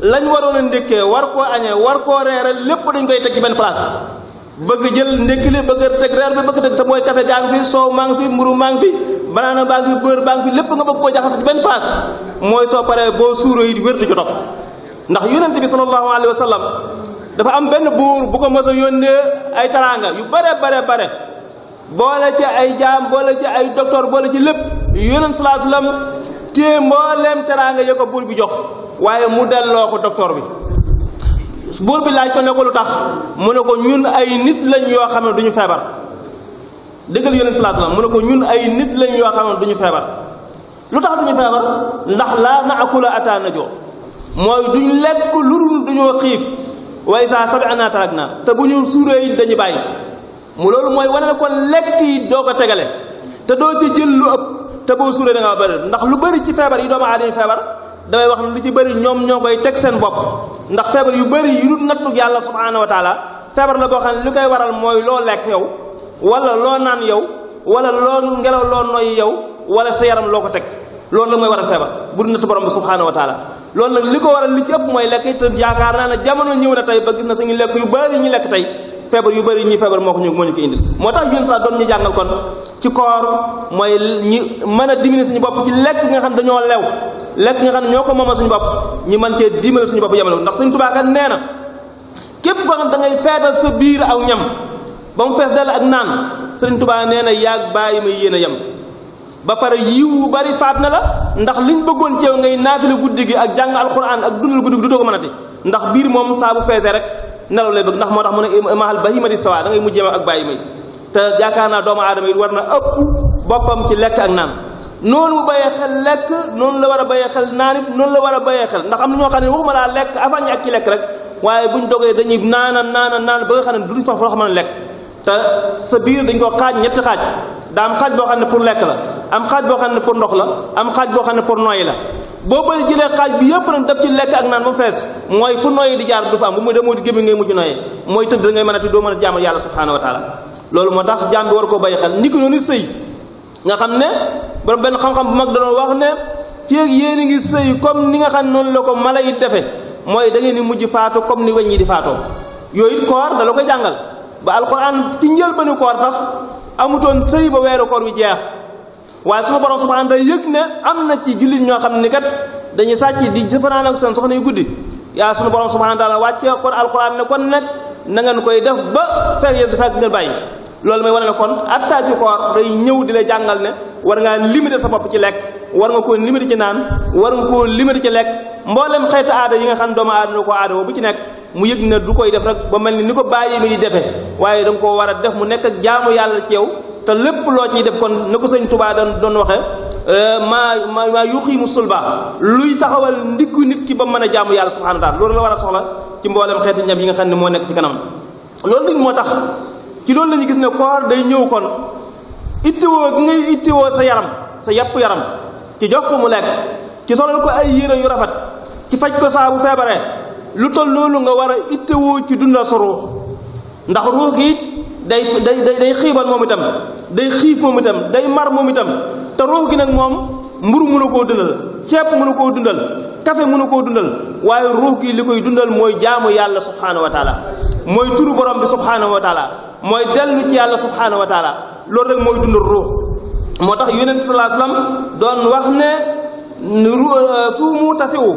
lañ waroon a ndékkee war koo añee war koo reere lépp dañ koy teg ci benn place bëgg jël ndékki li bëgg teg reer bi bëgg teg te mooy café gaa ngi fi soow maa ngi fi mburu maa ngi fi banaana baa ngi fi beurre baa ngi fi lépp nga bëgg koo jaxas benn paas mooy soo paree boo suuro yi wér di ko topp ndax yonent bi sallallahu alayhi wa sallam dafa am benn buur bu ko mos yónnee ay taraanga yu bare bare bare boole ci ay jaam boole ci ay docteur boole ci lépp di sallallahu alayhi wa sallam téye mbooleem taraanga ya ko buur bi jox waaye mu delloo ko docteur bi buur bi laaj ko ne ko lu tax mu ne ko ñun ay nit lañ yoo xam ne duñu ñu feebar dëggal yonent salaatu salaam mu ne ko ñun ay nit lañ yoo xam ne du ñu feebar lu tax du ñu feebar ndax laa naakula ataana joo mooy duñ lekk lu dul duñoo xiif waaye saa sabi'naa taraknaa te bu ñu suuree dañu bàyyi mu loolu mooy wane ne kon lekk yi doo ko tegale te doo ci jël lu ëpp te boo suuree da ngaa bëri ndax lu bari ci feebar yi doomu aadama feebar damay wax li ci bëri ñoom ñoo koy teg seen bopp ndax feebar yu bëri yu dul nattu yàlla subhaanahu wa taala feebar la boo xam ne li koy waral mooy loo lekk yow wala loo naan yow wala loo ngelaw loo noyyi yow wala sa yaram loo ko teg loolu la mooy waral feebar bu dul nattu borom bi subhaanahu wa taala loolu nag li ko waral li ci ëpp mooy lekk te yaakaar naa ne jamono ñëw na tey ba gis na suñu lekk yu bëri ñu lekk tey feebar yu bëri ñuy feebar moo ko ñëw moo ñu ko moo tax yéen saa doon ñu jàngal kon ci koor mooy ñi mën a diminuer suñu bopp ci lekk nga xam dañoo lew lekk nga xam ne ñoo ko moomal suñu bopp ñi man cee dimbal suñu bopp yemale ndax suñ tubaakat nee na képp koo xam da ngay feetal sa biir aw ñam ba mu fees dell ak naan sëriñ tubaa nee na yaag bàyyi may yéen a yem ba pare yiw wu bari faat na la ndax ñu bëggoon ceew ngay naafila guddi gi ak jàng alquran ak dundal guddi gi du doo ko mënati ndax biir moom saa bu feesee rek nelaw lay bëgg ndax moo tax mu ne mahal bahimati sawa da ngay mujjee ak bàyyi may te naa doomu aadama yi war na ëpp boppam ci lekk ak naan noonu mu bàyyee xel lekk noonu la war a bayee xel naanit noonu la war a bayee xel ndax am na ñoo xam ne waxuma laa lekk avant ñu ak lekk rek waaye buñ dogee dañuy naana naana naan ba nga xam ne du sax foo xam ne lekk te sa biir dañ ko xaaj ñetti xaaj daa xaaj boo xam ne pour lekk la am xaaj boo xam ne pour ndox la am xaaj boo xam ne pour noyyi la boo bëri jëlee xaaj bi yëpp nag def ci lekk ak naan ba mooy fu noyyi di jaar du fa am bu muy demoo di gémmi ngay mujj noyyi mooy tëdd da ngay mën a ti doo mën a jaamu yàlla subhanahu wa loolu moo tax jaam bi war koo bàyyi xel ni ko noonu sëy nga xam ne ba benn xam-xam bu mag danoo wax ne fii ak yéen a ngi sëy comme ni nga xam noonu la ko mala yi defe mooy da ngeen di mujj faatu comme ni weñ yi di faatoo yooyu koor da koy jàngal ba alxuraan ci njëlbéenu koor sax amutoon sëy ba weeru koor wi jeex waaye suma borom subhaana day yëg ne am na ci jullit ñoo xam ni kat dañuy sàcc di jëfanaan ak seen soxna yu guddi yaa sunu borom subhaana taala wàccee kon alxuraan ne kon nag na ngeen koy def ba fekk yéen fekk bàyyi loolu mooy wane ne kon atta ci koor day ñëw di la jàngal ne war ngaa limiter sa bopp ci lekk war nga koo limiter ci naan war nga koo limiter ci lekk mboolem xeetu aada yi nga xam doomu aada na ko aada bu ci nekk mu yëg du koy def rek mel ni ni ko bàyyi mi di defee waaye da koo war a def mu nekk ak jaamu yàlla ci yow te lépp ciy def kon na ko sëñ Tuubaa doon doon waxee euh, maa ma maa yuqiimu sulba luy taxawal ndiggu nit ki ba mën a jaamu yàlla subhaanahu wa taala loolu la war a soxla ci mboolem xeetu ñam yi xam ne moo nekk ci kanam loolu moo tax ci loolu la gis ne koor day ñëw kon ittiwoo gi ngay ittiwoo sa yaram sa yàpp yaram ci jox ko mu lekk ci solal ko ay yére yu rafet ci faj ko saa bu feebaree lu toll loolu nga war a ittiwoo ci dundal sa ruux ndax ruux gi day day day xiibal moom itam day xiif moom itam day mar moom itam te ruux gi nag moom mburu mënu koo dundal ceeb mënu koo dundal kafe mënu koo dundal waaye ruux gi li koy dundal mooy jaamu yàlla subhaanahu wa taala mooy turu borom bi subhaanahu wa taala mooy dellu ci yàlla subhaanahu wa taala loolu rek mooy dundal ruux moo tax yonent sallallahu alayhi wasallam doon wax ne suumu tasiwu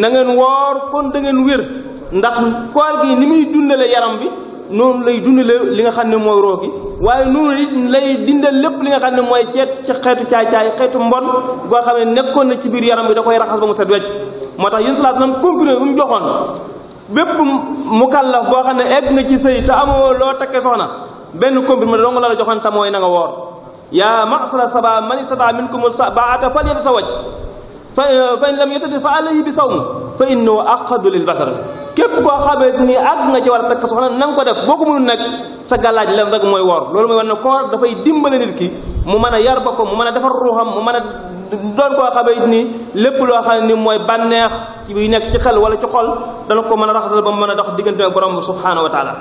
na ngeen woor kon da ngeen wér ndax koor gi ni muy dundale yaram bi noonu lay dundalee li nga xam ne mooy roo gi waaye noonu lay dindal lépp li nga xam ne mooy ceet ci xeetu caay-caay xeetu mbon goo xam ne nekkoon na ci biir yaram bi da koy raxas ba mu set wecc moo tax yéen sallallahu alayhi wasallam comprimé bu mu joxoon bépp mukallaf boo xam ne egg nga ci sëy te amoo loo takke soxna benn comprimé dong la la joxoon te mooy na nga woor yaa ma'sara saba sa istata minkum baata falyatazawwaj fa in lam yastati fa yi bi sawm fa innahu aqadu lil basar képp koo xamee ni àgg nga ci war a takk soxna na nga ko def boo ko mënul nag sa gàllaaj leen rek mooy woor loolu mooy war ne koor dafay dimbale nit ki mu mën a yar boppam mu mën a defar ruuxam mu mën a doon koo xamee ni lépp loo xam ne ni mooy bànneex bi nekk ci xel wala ci xol dana ko mën a raxasal ba mu mën a dox diggante borom subhanahu wa taala